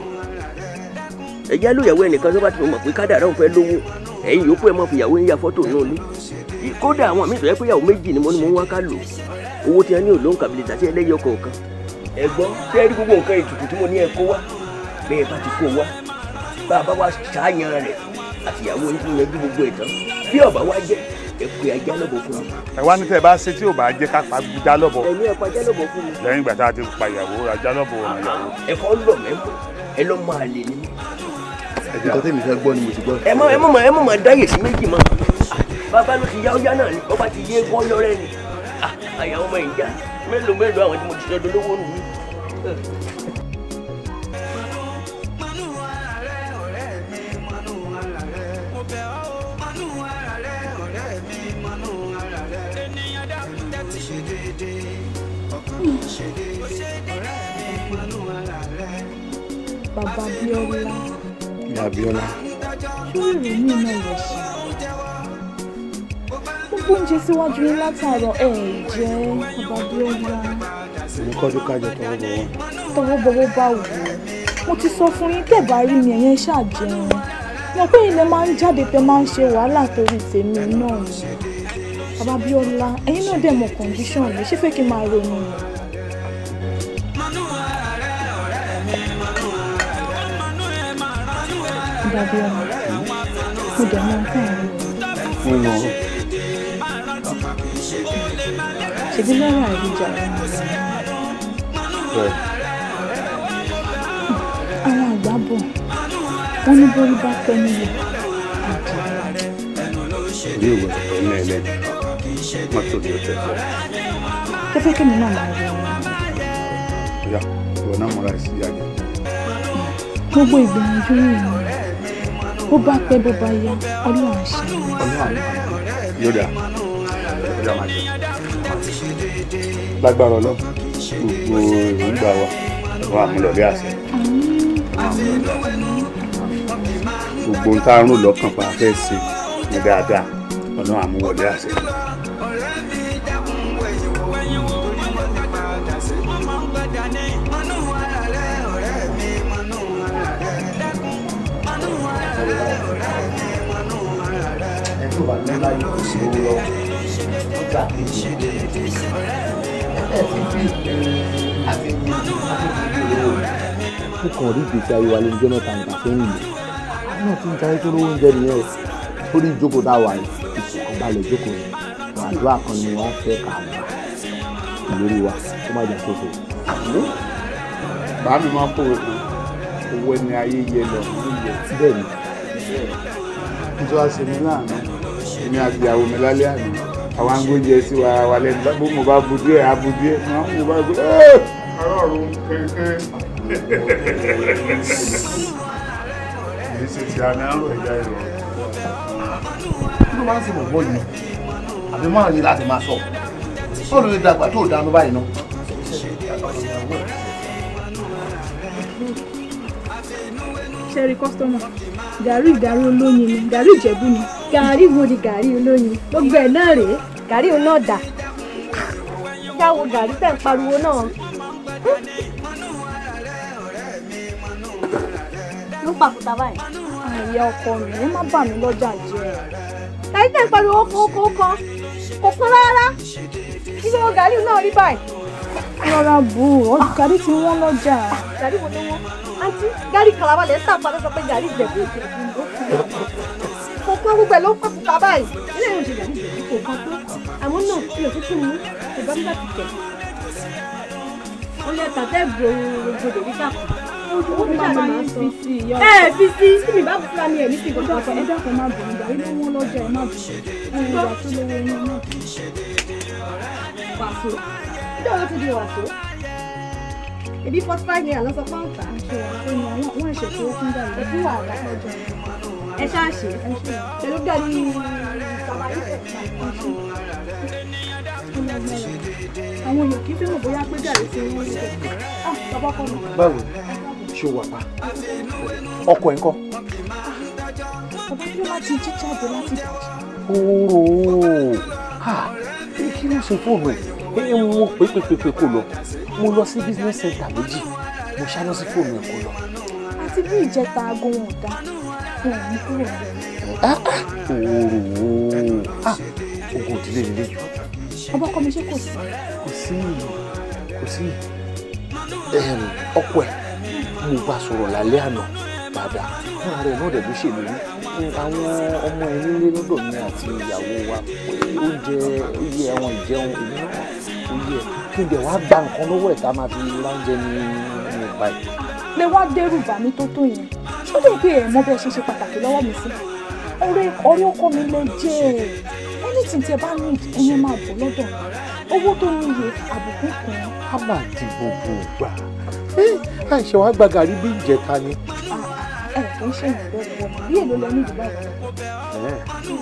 ẹ̀ já lóyàwó ẹnìkan tó bá ti mọ̀ pé kádàrá òun fẹ́ lówó ẹ̀yin yòókù ẹ̀ máa fi ìyàwó yín ya fọ́tò náà lé kódà àwọn àmì ìtọ́jú pé ìyàwó méjì ni mo ní mo ń wá ká lò owó tí wọ́n ní òlóhùn kàbìlì tàbí ẹlẹ́yọ kọ̀ọ̀kan ẹ gbọ́ tí ẹ rí gbogbo nǹkan ètùtù tí mo ní ẹ kó wá bẹ́ẹ̀ bá ti kó wá bá a bá wá ṣáàyàn rẹ̀ àtìyàwó yín ti yanjú gbogbo ìtàn bí ọ̀bá wá jẹ́ ẹkú ajá lọ́bọ̀ fún wa. ẹ wá ní tẹ bá ṣe tí ò bá jẹ ká pa ajá lọ́bọ̀. ẹ̀mí ẹ̀kọ́ ajá lọ́bọ̀ fún mi. lẹ́yìn ìgbà tá a ti pa ìyàwó ajá lọ́bọ̀ ò ní ìyàwó. ẹ̀kọ́ lọ mẹ́mọ́ ẹ lọ́ máa lè ní. ẹ̀kọ́ tẹ̀mí fẹ́ gbọ́ ni mo ti gbọ́. ẹ má ẹ má ẹ má máa dáyè sí méjì mọ́. bàbá ló ti yá ọjà náà ni bàbá ti yé gbọ́ yọrẹ́ ni. àyàwó ọmọ ìjà mélòó mélòó àwọn tí mo ti sọ bàbá Bíọ́lá. ìyá Bíọ́lá. ṣé ìròyìn náà yẹ ṣe? gbogbo oúnjẹ síwájú yín látàárọ̀ ẹ̀ jẹ́ bàbá Bíọ́lá. èmi kọ́ kájọ tọwọ́ bọ̀wọ́. tọwọ́ bọ̀wọ́ bá wù ú. mo ti sọ fún yín tẹ̀ rí mi ẹ̀yẹn ṣàjẹun. mo pé ilẹ̀ máa ń jáde tẹ máa ń ṣe wàhálà torí tèmi náà ni. bàbá Bíọ́lá ẹ̀yin náà dẹ̀ mọ̀ kọ̀ǹdíṣọ̀n mi ṣé fẹ́ kí n máa ronú dàbí ọmọ mo dẹ̀ mọ nǹkan rẹ̀. mo mọ̀ ọ́. ṣèbí lọ́rọ̀ àìríjà rẹ̀ mọ̀ ọ́. àwọn àgbà bọ̀ wọ́n ní bórí bá pẹ́ nílé àjọ. bí ìwé ní ẹlẹ́ni má tó di ọjọ́ ìfẹ́. kẹ́fẹ́ kí mi náà máa rí ọmọ mi. ìyá ìwọ náà múra sí ìyá yẹn. gbogbo ìgbìyànjú yìí ni bó bá pẹ́ bó bá yá ọlọ́run ṣe yóò dà yóò dà máa jẹ lágbára ọlọ́run gbogbo èròǹgbà wa wọn àmúlò bí àṣẹ gbogbo ń tá a rún lọ́kàn pa fẹ́ ṣe ní dáadáa ọlọ́run àmúwọlé àṣẹ. láyé kò ló lọ ó gbà pé ìṣe lè dé ẹ̀ ó kàn rí ìgbésí ayé wa lóúnjẹ mẹ́ta nígbà sẹ́yìn yìí àwọn náà ti ń jayé tó lówó oúnjẹ nìyẹn torí ìjókòó dá wà ìṣọ̀kànbalẹ̀ ìjókòó yẹn àdúrà kan ni wọ́n fẹ́ kà á gbà lórí wa kó má jà sófo. bàá mi máa ń pòwe pé owó ẹni ayé yẹ lọ nílẹ̀ bẹ́ẹ̀ ni ìjọ àṣẹ mi láàánú èmi àti ìyàwó mi lálẹ́ àná àwọn agbóúnjẹ sí wa wà lẹ́nu bó mo bá bu díẹ̀ á bu díẹ̀ máa ń mo bá bu ẹ́ ọlọ́run kékeré. èyí ṣe ti àná àrùn ẹ̀dá ìrọ̀. kí ló máa ń sọ̀rọ̀ bọ́ yìí àbí máa ní láti máa sọ sọ́ọ̀lù lè dàgbà tó dànù báyìí náà. ṣe rí kọ́sítọ́mà gàrí ìdarí olóyin ni gàrí ìjẹ̀bú ni gàrí wo ni gàrí olóyin gbogbo ẹ̀ náà rèé gàrí òun náà dà yá wo gàrí tẹ̀ ń pariwo náà. ló pàkúta báyìí. àyà ọkọ mi ó má bà mí lọ́jà jẹ́. gàrí tẹ̀ ń pariwo kó kó kan kò kán rárá nígbà wọn gàrí náà rí báyìí. rọra bù ọ gàrí tí wọ́n lọ́jà. gàrí wo ni wọ́n àǹtí gàrí kalabalẹ̀ sáà padà sọ pé gàrí ìjẹ̀bú ìjẹ̀bú ló kù ọmọ gbogbo ẹ̀ ló pọ̀ pupa báyìí ilé ìrìn ìjìnlẹ̀ kò kan tó àmọ́ náà mi ò mú kò bá nígbà tuntun ó yẹ tàtẹ́ gbòòrò nígbà kan ó ní bàbá yín fi yọ. ẹ fi sí tí mi bá fura mi ẹ ní sí ìgbọ́dọ̀ kan. ẹ dákun má bẹ̀rù ìgbà ilé wọn lọ́jà ẹ má bẹ̀rù ẹ tó lówó inú náà. wàásù ìjọba ló ti di wàásù ebi forty five naira sọ pé ń tà á. ṣe wàásù ni àwọn ẹ̀ṣẹ̀ tó kún ní. ẹ fún ẹ ṣáà ṣe pẹ̀lú gbẹ̀mí àwọn èèyàn kì í fẹ́ràn bóyá pé gàrí ti ń wọlé ah, bàbá kọ́ mi. báwo ṣe wà pa ọkọ ẹ̀ ń kọ́. bàbá mi láti jíjáde láti bàjẹ́. ooo kí ló ṣe fóònù ẹ ẹ mo pè pè pè pè kò lọ mo lọ sí business center méjì mo ṣáná sí fóònù ẹ kò lọ. àti bí ìjẹta aago wọn ò ogun òdílé nílé yìí. ọba ọkọ mi ṣe kò sí. kò sí kò sí ọkọ ẹ mo bá sọ̀rọ̀ lálẹ́ àná padà fún ara ẹ̀ náà dẹ̀ ló ṣèlérí àwọn ọmọ ẹ̀ nílé lọ́dọ̀ mi àti ìyàwó wa oúnjẹ iye àwọn ìjẹun èmi náà oye kí n dẹ̀ wá gba nǹkan lọ́wọ́ ẹ̀ tá a máa fi láńjẹ ní ìgbà yìí. lè wá dẹ́rù bà tó tó yẹn ṣó lè pè é mọ bẹ́ẹ̀ ṣe ṣe pàtàkì lọ́wọ́ mi sí orí ọkọ mi lè jẹ́ anything tí ẹ bá ní ẹni máa bọ̀ lọ́dọ̀ owó tó níye àbùkù kan. a máa di gbogbo gbà àìṣe wàá gba gàrí bí ìjẹta ni. ẹ kì í ṣe ìrànlọ́wọ́ bí èlò lọ ní ìdúgbò yìí.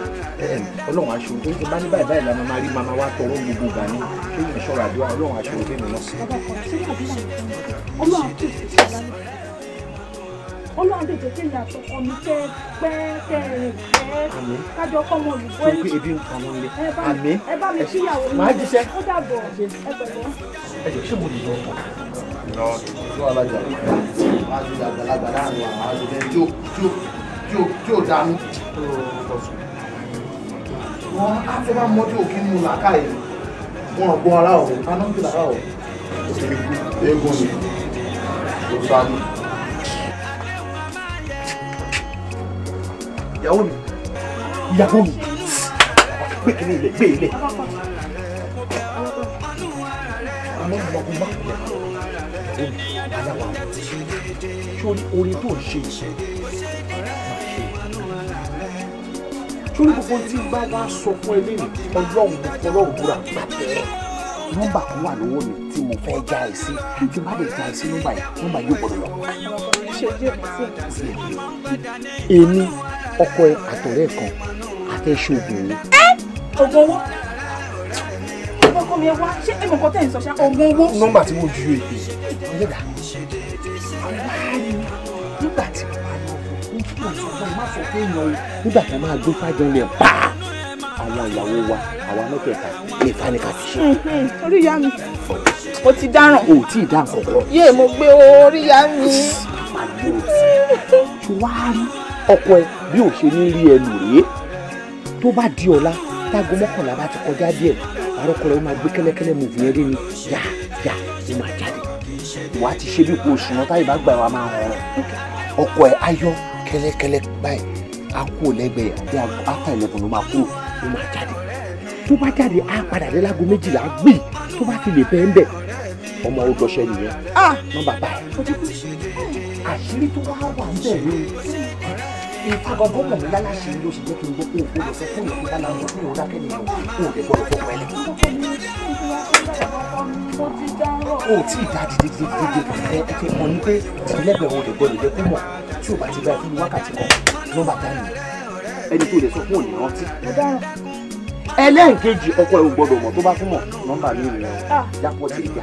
ọlọ́run aṣọ tó ti bá ní báyìí báyìí lànà máa rí màmá wa tọrọ gbogbo ìgbà ni kí èèyàn ṣọ́ra àdúrà ọlọ́run aṣọ òkè mi náà. ọlọ́run tètè kí ni àtọkọ mi kẹ́ pẹ́ kẹ́ rìn pẹ́ kájọ kọ́ mọ olùkọ́ ẹ̀ ṣe ebi nǹkan wọn lé àmì ẹ bá mi kíyàwó mi máa jíṣẹ́ ó ẹ pẹ̀lú. ẹ jọ lọ sọ alájà alájà àgbàlagbà láàrin àwọn àjọyọ̀ tí ò tí ò tí ò dànù wọn á ti máa mọ́jú òkè nínú làákàyè wọn ò gbọ́n ara ọ̀hún aná ń gbé lára ọ̀hún eégún ni kò sáré. ìyàwó mi ìyàwó mi gbé kiri ilẹ̀ gbé ilẹ̀ àmọ́ ìlọ́gbọ́n ní orin tó ń ṣe ìṣẹ́. torí gbogbo tí n bá wá sọ fún ẹlẹ́ ní ọlọ́run ọlọ́run búra pàtẹ́ nọ́mbà kan wà lọ́wọ́ mi tí mo fẹ́ já ẹ sí tí n bá lè já ẹ sí nọ́mbà yìí nọ́mbà yìí gbọ́dọ̀ lọ. èmi ọkọ ẹ àtọ̀rẹ́ kan àfẹ́ṣe obìnrin. ọgbọ́n owó ọkọ mi ẹ wá ṣé ẹ̀mọ̀ kan tẹ̀ ń sọ ṣá ọgbọ́n owó. nọ́mbà tí mo ju èyí nígbà tí mo má sọ pé èèyàn o nígbà tá a máa gbé fájọ lẹ̀ pa àwọn ìyàwó wa àwa mẹ́tẹ̀ẹ̀ta lè fa ni ká fi. orí ìyá mi mo ti dáràn. o ò tí ì dá nǹkan kan. yé mo gbé orí ìyá mi. ṣùwárí ọkọ ẹ bí ò ṣe ní rí ẹ lò rèé tó bá di ọ̀la tágo mọ́kànlá bá ti kọjá díẹ̀ àròkọ rẹ ó máa gbé kẹ́lẹ́kẹ́lẹ́ mu ìyẹn rí ni yá yá ó máa jáde wàá ti ṣe bí kò sùn náà táyì bá gbà wá máa rọrùn ọkọ ẹ ayọ̀ kẹ́lẹ́kẹ́lẹ́ báyìí á kú lẹ́gbẹ̀ẹ́ àbí after ló máa kú ló máa jáde tó bá jáde á padà dé láago méjìlá gbì tó bá fi lè bẹ́ẹ̀ ń ọmọ ó dọṣẹ́ nìyẹn má bàbá ẹ̀ àṣírí tó wá wà ń ni ìfà mọ̀ nílá láṣẹ ló ṣe jẹ́ kí n gbọ́ pé òkú lọ sọ fún ìfúnpá làwọn ọdún ìrora kẹ́lẹ́ lọ fún òde gbọ́dọ̀ fọ́pọ̀ ẹlẹ́gbẹ̀ẹ́ mo ti dárò. o tí ì dá dìde dìde dìde ẹ ẹ fi hàn ní pé tìlẹ́bẹ̀ wọn lè gbọdọ̀ jẹ́ kó mọ̀ tí o bá ti gba fún wákàtí kan nọ́mbà dání ẹni tó lè sọ fún òní rántí. ẹlẹ́ǹkejì ọkọ ẹ̀ ò gbọdọ̀ mọ̀ tó bá tún mọ̀ nọ́mbà mi rẹ̀ ọ́ jápọ̀ tí ìgbà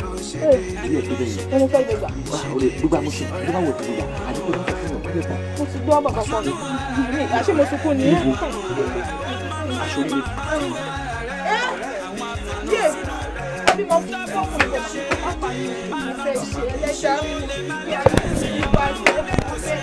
ilé ẹ̀kọ́ bẹ́ẹ̀ yẹn. ẹni fẹ́ gbẹgbà. o lè gbígbà mo ṣe tó bá wò tó gbà àdúgbò náà fún mi nípa. mo ti gbọ́ bàbá kan ní àṣé mo sunkún ní. níbo àṣọ ilé bí mo fún fọ́ọ̀mù ìjọba ọ̀pá yìí máa fẹ́ ṣe ẹlẹ́ṣà bí a yóò fi wá sí ọ̀pẹ́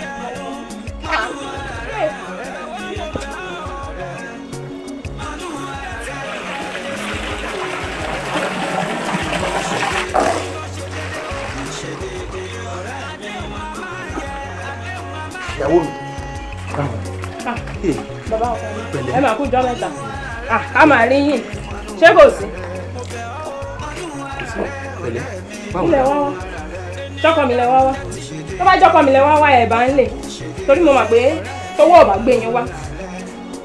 ìyàwó mi. Ah, bàbá ọkọ ẹ máa kú jọ mẹ́ta ah, a máa rí yìn ṣé kò sí pẹ̀lẹ́ báwo ni. jọ́kọ̀ mi lẹ wá wá tó bá jọ́kọ̀ mi lẹ wá wá ẹ̀ bá ń lè torí mo mọ̀ pé tówó ọ̀bà gbé yín wá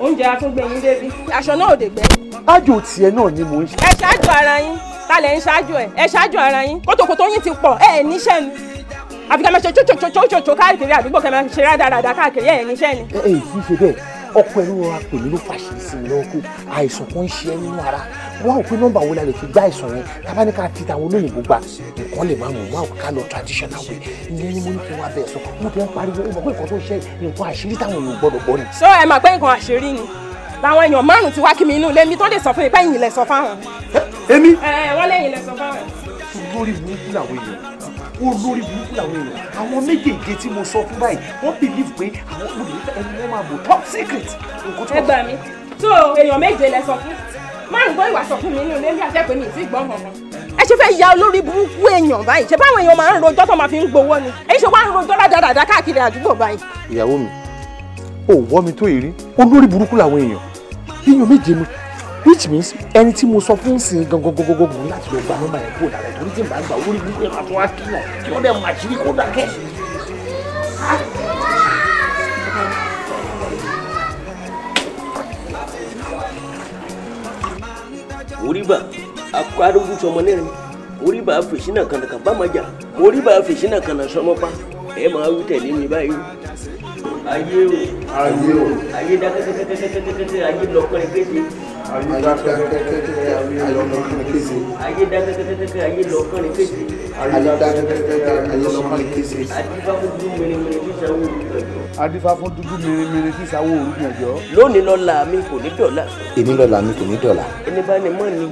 oúnjẹ atúngbé débi aṣọ náà ò dé gbẹ. ájò tiẹ̀ náà ni mò ń ṣe. ẹ ṣáájú ara yín ta ń ṣáájú ẹ̀ ẹ ṣáájú ara yín kótókótó yín ti pọ̀ ẹ̀ níṣẹ́ ni àfikẹ́ máa ṣe tsótsótsótsó káàkiri àdúgbò kẹ́ máa ṣe rádaràdà káàkiri ẹ̀ níṣẹ́ ni. ẹ ẹ kì í ọkọ ẹrú wa pè mí ló fàṣẹ sí mi lọ́wọ́ pé àìsàn kan ń ṣe ẹ́ nínú ara wọ́n á pé nọ́mbà wo la lè fi gbá àìsàn yẹn tábà ní ká fi tàwọn olóyìnbó gbà nǹkan lè má mú wọn àwọn ká lọ traditional way ìyẹn ni mo ní kí wọ́n abẹ́ sọ mo ti ń pariwo ìmọ̀ pé nǹkan tó ṣe nǹkan àṣírí táwọn èèyàn gbọ́dọ̀ gbọ́ ni. sọ ẹ mà pé nǹkan àṣírí ni làwọn èèyàn márùn-ún ti wá kí mi inú ilé mi tó lè sọ fún mi pé ìyìnlẹ̀ sọ fáwọn. èmi. ẹ wọ́n lè ìyìnlẹ̀ sọ fáwọn. lórí burúkú làwọn èèyàn olórí burúkú làwọn èèyàn àwọn méjèèjì tí mo sọ fún báyìí wọ́n believe pé àwọn olùdíje ẹni wọ́n máa bò top secret nǹkan tó. ẹ gbà mí tó èèyàn méje lẹ sọ fún márùn gbọ́ ìwà sọ fún mi nínú ilé ní àjẹpẹ́ mi ìsì gbọ́n kankan. ẹ ṣe fẹ́ ya olórí burúkú èèyàn báyìí ṣe báwọn èèyàn máa ń rojọ́ tó máa fi ń gbowó ni èyí ṣe wá ń rojọ́ rádaràdà káàkiri àdúgbò báyìí. ìyàwó mi ò wọ́ mi tó èrí olórí burúkú làwọn èèyàn èèyàn méje mi which means ẹni tí mo sọ fún sin gangangangangan láti lọ gba nọ́mbà yẹn kó dà rẹ torí tí n bá gbà wọlé gbogbo yẹn máa tún wá kí náà kí wọn dẹ máa ṣírí kó dákẹ́. oríba akọ arógún sọmọ lẹ́rìn oríba fèsínà kànàkà bá máa jà oríba fèsínà kànà sọmọ pa ẹ máa wí tẹ̀lé mi báyìí ayé o ayé o ayé dákẹ́kẹ́kẹ́kẹ́kẹ́kẹ́ ayé lọ́kọ́ ẹgbẹ́ ti ayédákẹ́kẹ́kẹ́ ayọ̀lọ́kànlẹ̀ kése. ayédákẹ́kẹ́kẹ́ ayédákẹ́kẹ́kẹ́ kése. ayédákẹ́kẹ́kẹ́ ayédákẹ́kẹ́ kése. adífá fún dúdú mèremère tí sáwó olùgbẹ̀jọ. adífá fún dúdú mèremère tí sáwó olùgbẹ̀jọ. lónìí lọ́la mi kò ní dọ̀la. èmi lọ́la mi kò ní dọ̀la. ẹni bá ní mọ́ ni.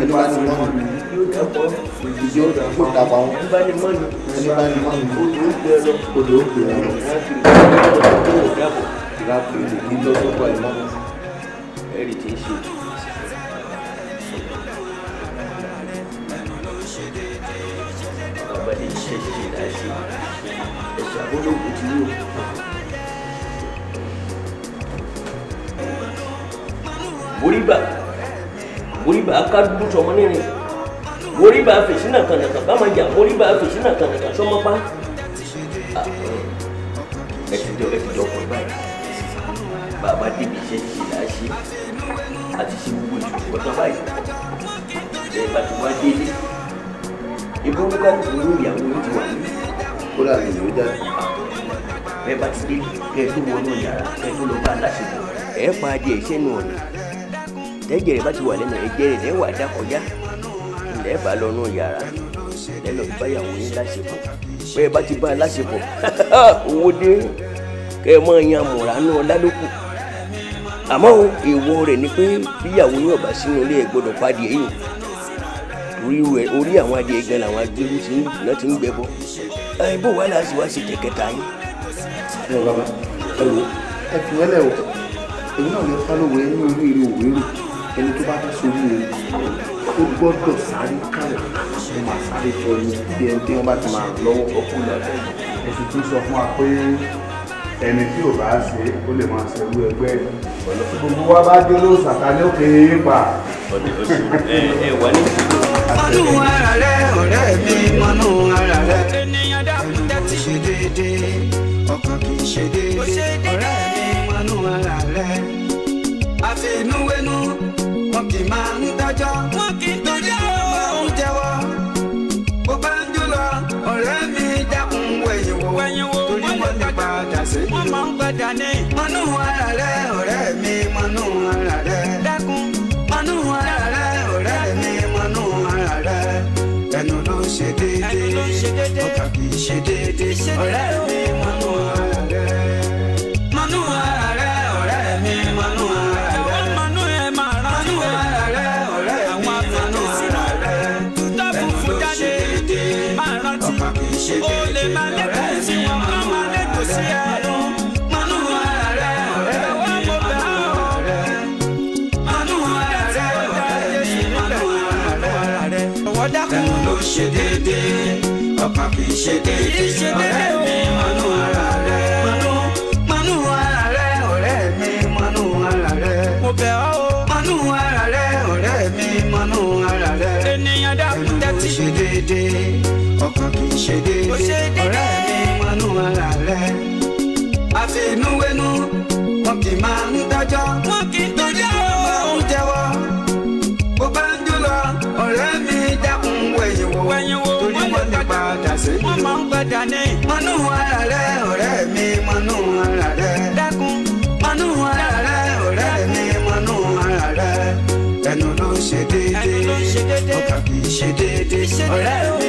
ẹni bá ní mọ́ ni. yóò dàpọ̀ yóò dàpọ̀ àwọn. ẹni bá ní mọ́ ni. ẹni bá ní mọ́ ni. odò ó gbẹ lọ. odò ó gbẹ lọ. ìlàkùnrin kì í lọ sọ́kọ̀ àìmọ́ ẹ̀rì tí ń ṣe. boríbà boríbà akádúdú sọmọ nírin boríbà fèsínà kànàkàn bámajà boríbà fèsínà kànàkàn sọmọpá ẹ ti jọ ẹ ti jọ ọkọ báyìí bàbá débi iṣẹ́ ṣe là á ṣe àti ṣe gbogbo ìṣòro ọ̀tọ̀ báyìí ẹ bá ti wá délé ìbú kálukú ló ìyàwó ló ti wà ní. kódà mi ò jáde. ẹ bá ti délé kẹ ẹ tó wọnú yàrá kẹ ẹ tó lọ bá a ẹ pa adìẹ iṣẹ́ nù ọ̀nà tẹ́jẹ̀ rẹ̀ bá ti wà lẹ́nu ẹ̀jẹ̀ rẹ̀ lẹ́wà dá kọjá ilẹ̀ bá lọ́nù yàrá lẹ́nu ìbáyàwó yín láṣepọ̀ pé ẹ bá ti bá a láṣepọ̀ [LAUGHS] owó dé kẹ́ ẹ máa yan àmọ̀ránú ọlá àmọ́ èèwọ̀ rẹ̀ ni pé bíyàwó yín ọ̀bà sínú ilé ẹ̀ gbọ́dọ̀ pàdé èyí orí rẹ̀ orí àwọn adìẹ gan làwọn agbẹ́rú ti ń náà ti ń gbẹ bọ́ ẹ bó wà láti wá sí kẹ̀kẹ́ta yín. ẹ ẹ fi wẹ́lẹ̀ wò èyí náà lè fọ́ ẹ ní orí ìlú òwérò ẹni tó bá fẹ́ sórí rẹ̀ ó gbọ́dọ̀ sáré kàlà ó máa sáré tọ́ ẹni bí ẹni tí wọ́n bá ti máa lọ́wọ́ ọkùnrin lọ́dọ̀ ẹ̀sùn tún sọ fún wa pé ẹni tí ò bá ṣe ó lè máa ṣe irú ẹgbẹ́ gbogbo wa bá dé ló ṣàkálẹ̀ ó kéé pa. mọ́nú ara rẹ ọ̀rẹ́ mi mọ́nú ara rẹ ènìyàn dákun tẹ́tí ṣe déédéé ọkàn kì í ṣe déédéé ọ̀rẹ́ mi mọ́nú ara rẹ àfinúwé wọn kì í máa ń dájọ́. wọn kì í dájọ́. nítorí wọn máa ń jẹ́wọ́. bó bá ń jó lọ ọ̀rẹ́ mi dákun wẹ̀yìn wò. wẹ̀yìn wò torí wọn lè padà sẹ́yìn. wọ́n máa ń padà ní. mọ́nú ara rẹ ọ̀rẹ́ mi mọ́nú ara rẹ. dákun. mọ́nú ara rẹ ọ̀rẹ́ mi mọ́nú ara rẹ. ẹnu ló ṣe déédéé ọkà kì í ṣe déédéé ọ̀rẹ́ mi mọ́nú ara èdè yìí mi mọ́nú ara rẹ. mọ́nú mọ́nú ara ọ̀rẹ́ mi mọ́nú ara rẹ. mo bẹ̀ ọ́ o. mi mọ́nú ara rẹ. ènìyàn dákun tẹ́tí. ẹnu ṣe déédéé ọkàn kì í ṣe déédéé ọ̀rẹ́ mi mọ́nú ara rẹ. àfi inú wẹ́nu wọn kì í máa ń dájọ́. ṣe déédéé ṣe déédéé.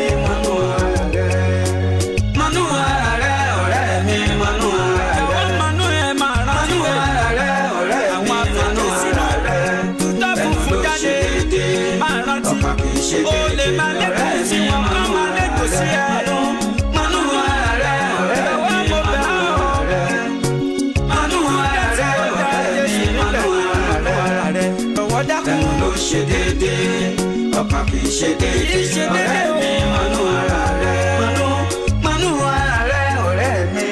ṣe déédéé ọ̀rẹ́ mi mọ́nú ara rẹ̀. mọ́nú mọ́nú o. mọ́nú ara rẹ̀ ọ̀rẹ́ mi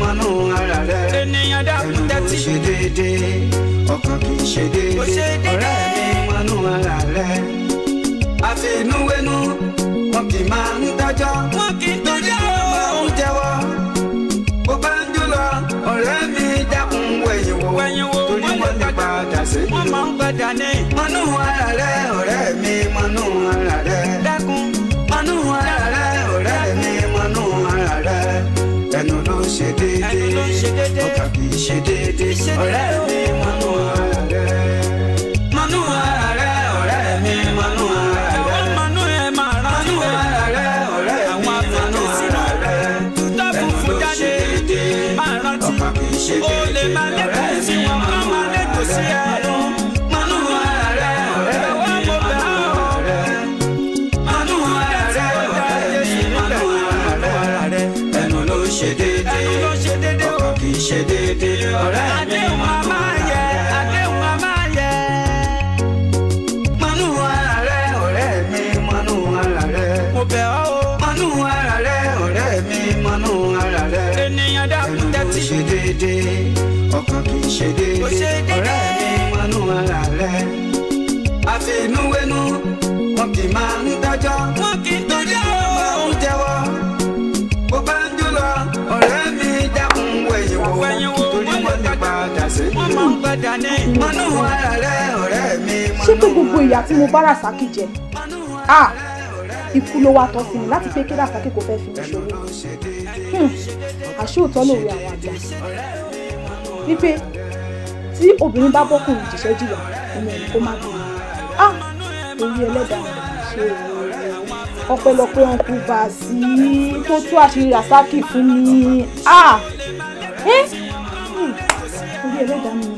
mọ́nú ara rẹ̀. ènìyàn dákun tẹ́tí. ẹnu kò ṣe déédéé ọkàn kì í ṣe déédéé ọ̀rẹ́ mi máa ń dájọ́. wọn kì í sí. wọ́n máa ń gbàdá ní. mọnú ara rẹ ọ̀rẹ́ mi mọnú ara rẹ. dákun. mọnú ara rẹ ọ̀rẹ́ mi mọnú ara rẹ. ẹnu ló ń ṣe déédéé ọkàn kì í ṣe déédéé ọ̀rẹ́ mi mọnú ara rẹ. padà ní mọ́nú ààrẹ ọ̀rẹ́ mi. ṣé pé gbogbo ìyà tí mo bá Rasaki jẹ ah! ikú ló wá tọ́ sí mi láti pé kí Rasaki kò fẹ́ fi mí ṣòro hmm. àṣé òótọ́ lòwe àwọn àgbà wípé tí obìnrin bá bọ́kùnrin jìṣẹ́ jìyà ọmọ ẹ̀kọ́ má bẹ̀rẹ̀ ah! á orí ẹlẹ́dàá ṣe ọpẹ́lọpẹ́ ọkùn bàásì tó tú àṣírí Rasaki fún mi á ah! eh? hmm. orí ẹlẹ́dàá mi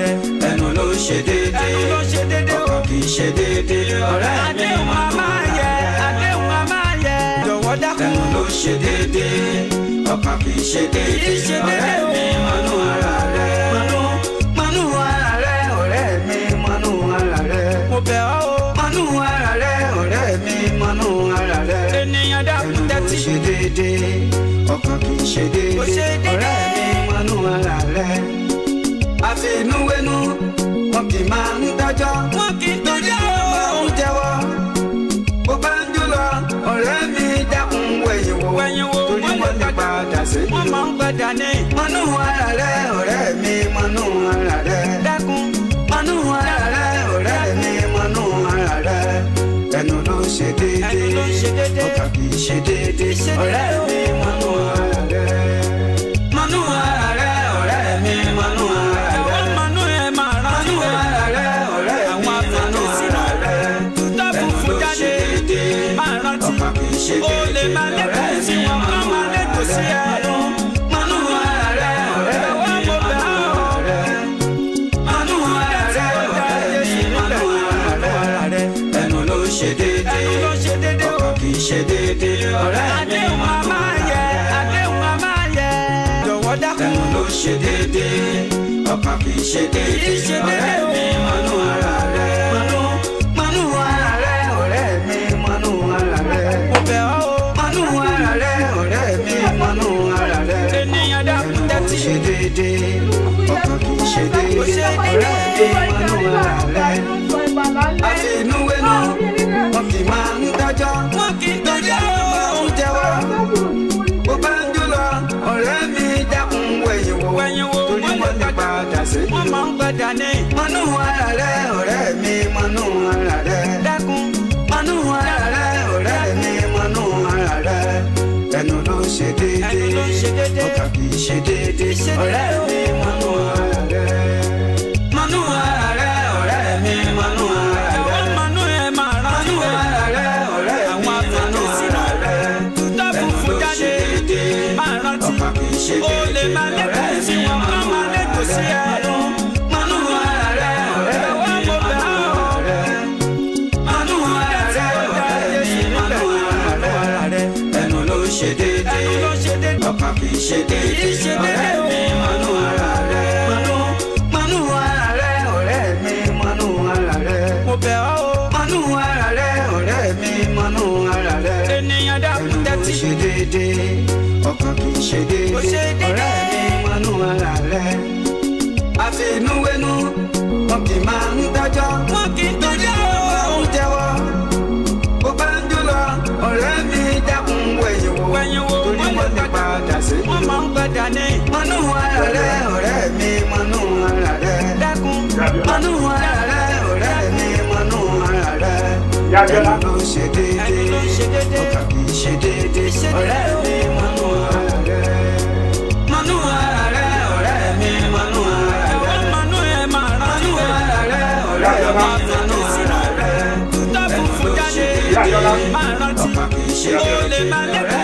rẹ ẹnu ló ṣe déédéé ọkàn kì í ṣe déédéé ọ̀rẹ́ mi máa tó dáadáa jọ̀wọ́ dákun ẹnu ló ṣe déédéé ọkàn kì ṣe déédéé ọ̀rẹ́ mi máa ara rẹ mọnú ara rẹ ọ̀rẹ́ mi mọnú ara rẹ mo bẹ̀ ọ́ o mọnú ara rẹ ọ̀rẹ́ mi mọnú ara rẹ ènìyàn dákun tẹ́tí ẹnu ló ṣe déédéé ọkàn kì ṣe déédéé ọ̀rẹ́ mi mọnú ara rẹ tinúwénú wọn kì máa ń dájọ́. wọn kì í tọ́jú ọ́. máa ń jẹ́wọ́ bó bá ń jùlọ ọ̀rẹ́ mi dákun wẹ̀yìn wò torí wọ́n lè padà sí i. wọ́n máa ń padà ní. mọ́nú ara rẹ ọ̀rẹ́ mi mọ́nú ara rẹ. dákun mọ́nú ara rẹ ọ̀rẹ́ mi mọ́nú ara rẹ. ẹnu ló ṣe déédéé ọkà kì í ṣe déédéé ọ̀rẹ́ o. ṣe déédéé ọkàn kì í ṣe déédéé ọ̀rẹ́ mi mọnú ara rẹ. mọnú ara rẹ ọ̀rẹ́ mi mọnú ara rẹ. mo bẹ̀ ọ́ o. mọnú ọkàn kì í ṣe déédéé ọ̀rẹ́ mi mọnú ṣe déédéé ṣe déédéé ọ̀rẹ́ mi padà ní. mọnú ara rẹ ọ̀rẹ́ mi mọnú ara rẹ. dákun mọnú ara rẹ ọ̀rẹ́ mi mọnú ara rẹ. ẹni ló ṣe déédéé ọkà kì í ṣe déédéé ọ̀rẹ́ mi mọnú ara rẹ. mọnú ara rẹ ọ̀rẹ́ mi mọnú ara rẹ. ẹ̀wọ́n ẹ̀ máa rántí rẹ̀. mọnú ara rẹ ọ̀rẹ́ mi mọnú ara rẹ. tó funfun jáde máa rántí. ọkà kì í ṣe déédéé ọ̀rẹ́ mi mọnú ara rẹ.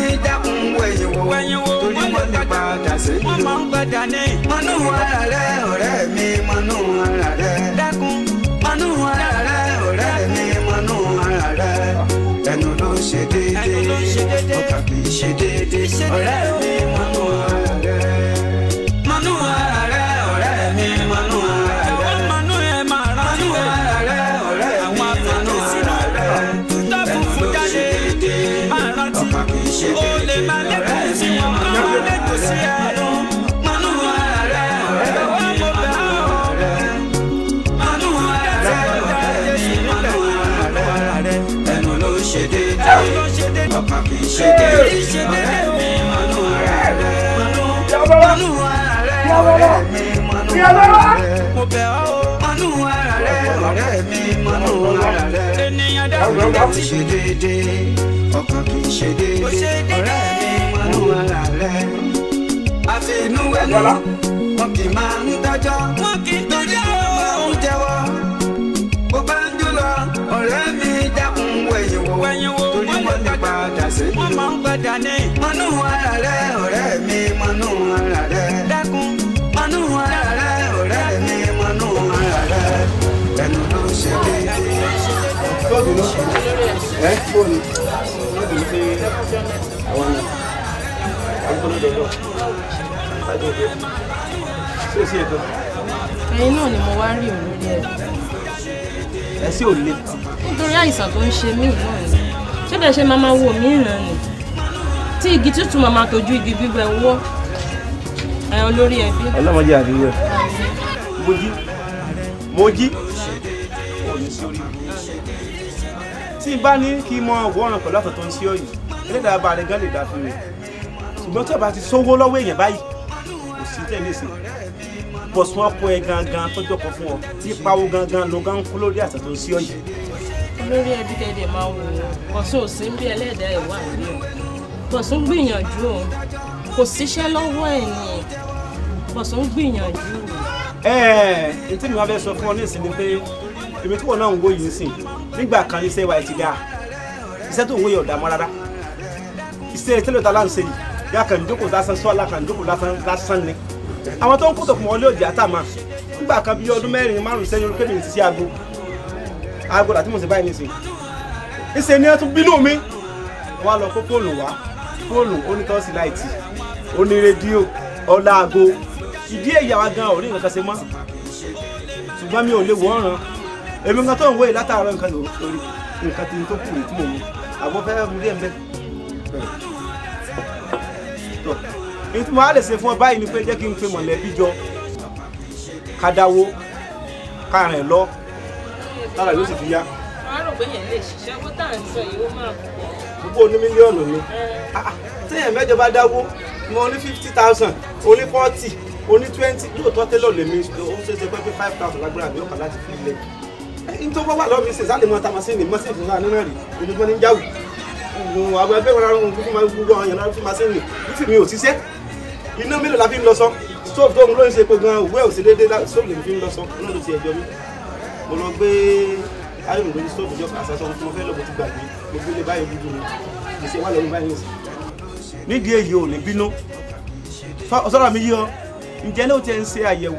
wẹ̀yìn wò torí wọ́n lè padà sẹ́yìn. wọ́n máa ń padà ní. mọ̀nú ara rẹ ọ̀rẹ́ mi mọ̀nú ara rẹ. dákun. mọ̀nú ara rẹ ọ̀rẹ́ mi mọ̀nú ara rẹ. ẹnu ló ń ṣe déédéé ọkàn kì í ṣe déédéé ọ̀rẹ́ mi mọ̀nú ara rẹ. mọ̀nú ara rẹ ọ̀rẹ́ mi mọ̀nú ara rẹ. Shake it. mo bẹ̀ ọ́ mọ́nú ara rẹ̀ ọ̀rẹ́ mi mọ́nú ara rẹ̀ ènìyàn dáhùn dá ti ṣe déédéé ọkàn kì í ṣe déédéé ọ̀rẹ́ mi mọ́nú ara rẹ̀ àti inú ẹnu wọn kì máa ń dájọ́ wọn kì í tọ́jú. ẹ bó ni wọn kì í ṣe àwọn ni àwọn tó ń dọdọ ṣáájú ọjọ́ sí èsì ẹ̀tọ́. ẹ̀yin náà ni mo wá rí òun lórí ẹbí. ẹ sí ò le. nítorí àìsàn tó ń ṣe mí náà ni ṣé bẹ́ẹ̀ ṣe máa máa wo mí ìran ni tí igi tútù máa máa tọ́jú igi gbígbẹ wọ́ ẹ olórí ẹbí. ọlọ́mọdé àdúgbò. mo jí mo jí. tí n bá ní kí n mọ wọ́ràn pẹ̀lú àtọ̀ tó ń sí ọ̀yìn ẹlẹ́dàá bá rẹ̀ gán lè dá fún mi ṣùgbọ́n tí ọba ti sówó lọ́wọ́ èèyàn báyìí kò sí tẹ̀lé sí bọ̀sùn ọkọ ẹ gangan tọ́jọ́ kan fún ọ tí pawó gangan ló gán kú lórí àtọ̀ tó ń sí ọ̀yìn. olórí ẹbí tẹ̀lé máa wò ó kọ̀sọ́ ò sí bí ẹlẹ́dàá ẹ̀ wà ní ọ bọ̀sùn gbìyànjú o kò síṣẹ́ lọ́wọ́ ẹ̀yìn bọ̀sùn gbìyànjú. ẹ ẹ ètí mi wá fẹ́ sọ fún ọ ní ìsinmi pé èmi tí wọn náà ń wó yìí sìn nígbà kan iṣẹ́ wa ti dáa iṣẹ́ tó ń wó yìí ọ̀dà mọ́ rárá iṣẹ́ tẹ́lẹ̀ ta láǹṣe yìí yà kàn jókòó lásán sọ́ọ̀lá kàn jókòó lásán ni àwọn tó ń kó tòkùn ọlé òjì àtàmà nígbà kan bíi ọdún mẹ́rin márùn sẹ́yìn orí kébìnrin ti sí aago aago làtí mo sì báyìí nísìn ìṣe ni ẹ tún bínú mi wá lọ kó fóònù wá fóònù onítọ́sí láìtì oní rédíò ọlá aago ìdí èyí àwa gan ò rí nǹkan kan ṣe mọ́ ṣùgbọ́n mi ò lè wọ́n ràn èmi nǹkan tó ń wé látàárọ̀ nǹkan lórí nǹkan tí tó kù tí mò ń àgbọ̀ fẹ́ rí ẹ̀ ń bẹ́. tọ́ èyí tí mo á lè ṣe fún ọ báyìí ni pé jẹ́ kí n pe mọ̀lẹ́bí jọ ká dáwó ká rìn lọ lára yóò sì fi yá. a rò pé yẹn lè ṣiṣẹ́ owó tá à ń sọ yìí ó máa pọ̀. gbogbo oní mílíọ̀nù ni ah, ah, téèyàn mẹ́jọ bá dáwó mo ní fifty thousand mo ní forty mo ní twenty lóòótọ́ tẹ́lọ̀ lèmi ó ṣeé ṣe pé five thousand lágbára mi ọ̀kan láti fi ilẹ̀ nítorí wọ́n wà lọ́ọ́ fi ṣèṣá lè mọ tamasi ní mọ́sí ìfúnná nínú rẹ̀ olùkọ́ ní jáwù àwọn ẹgbẹ́ wọn rárun fún máa gbogbo àwọn yàrá fún masínì fífi mi ò ṣiṣẹ́ iná mélòó la fi ń lọ sọ stove tóun ló ń ṣe gbogbo òwe ò sí déédéé stove lè fi ń lọ sọ iná ló ti ẹ̀jọ́ mi mo lọ gbé ayọ̀ lórí stove ìjọba àṣàṣọ tí mo fẹ́ lọ́gbọ̀n ti gbàgbé gbogbo ilé báyìí dúdú mi kì í ṣe wà lẹ́yìn báyìí òsì. nídìí èyí ò ní bínú sọ́dọ̀ mi yí ọ ǹjẹ́ ní o ti ń ṣe àyẹ̀wò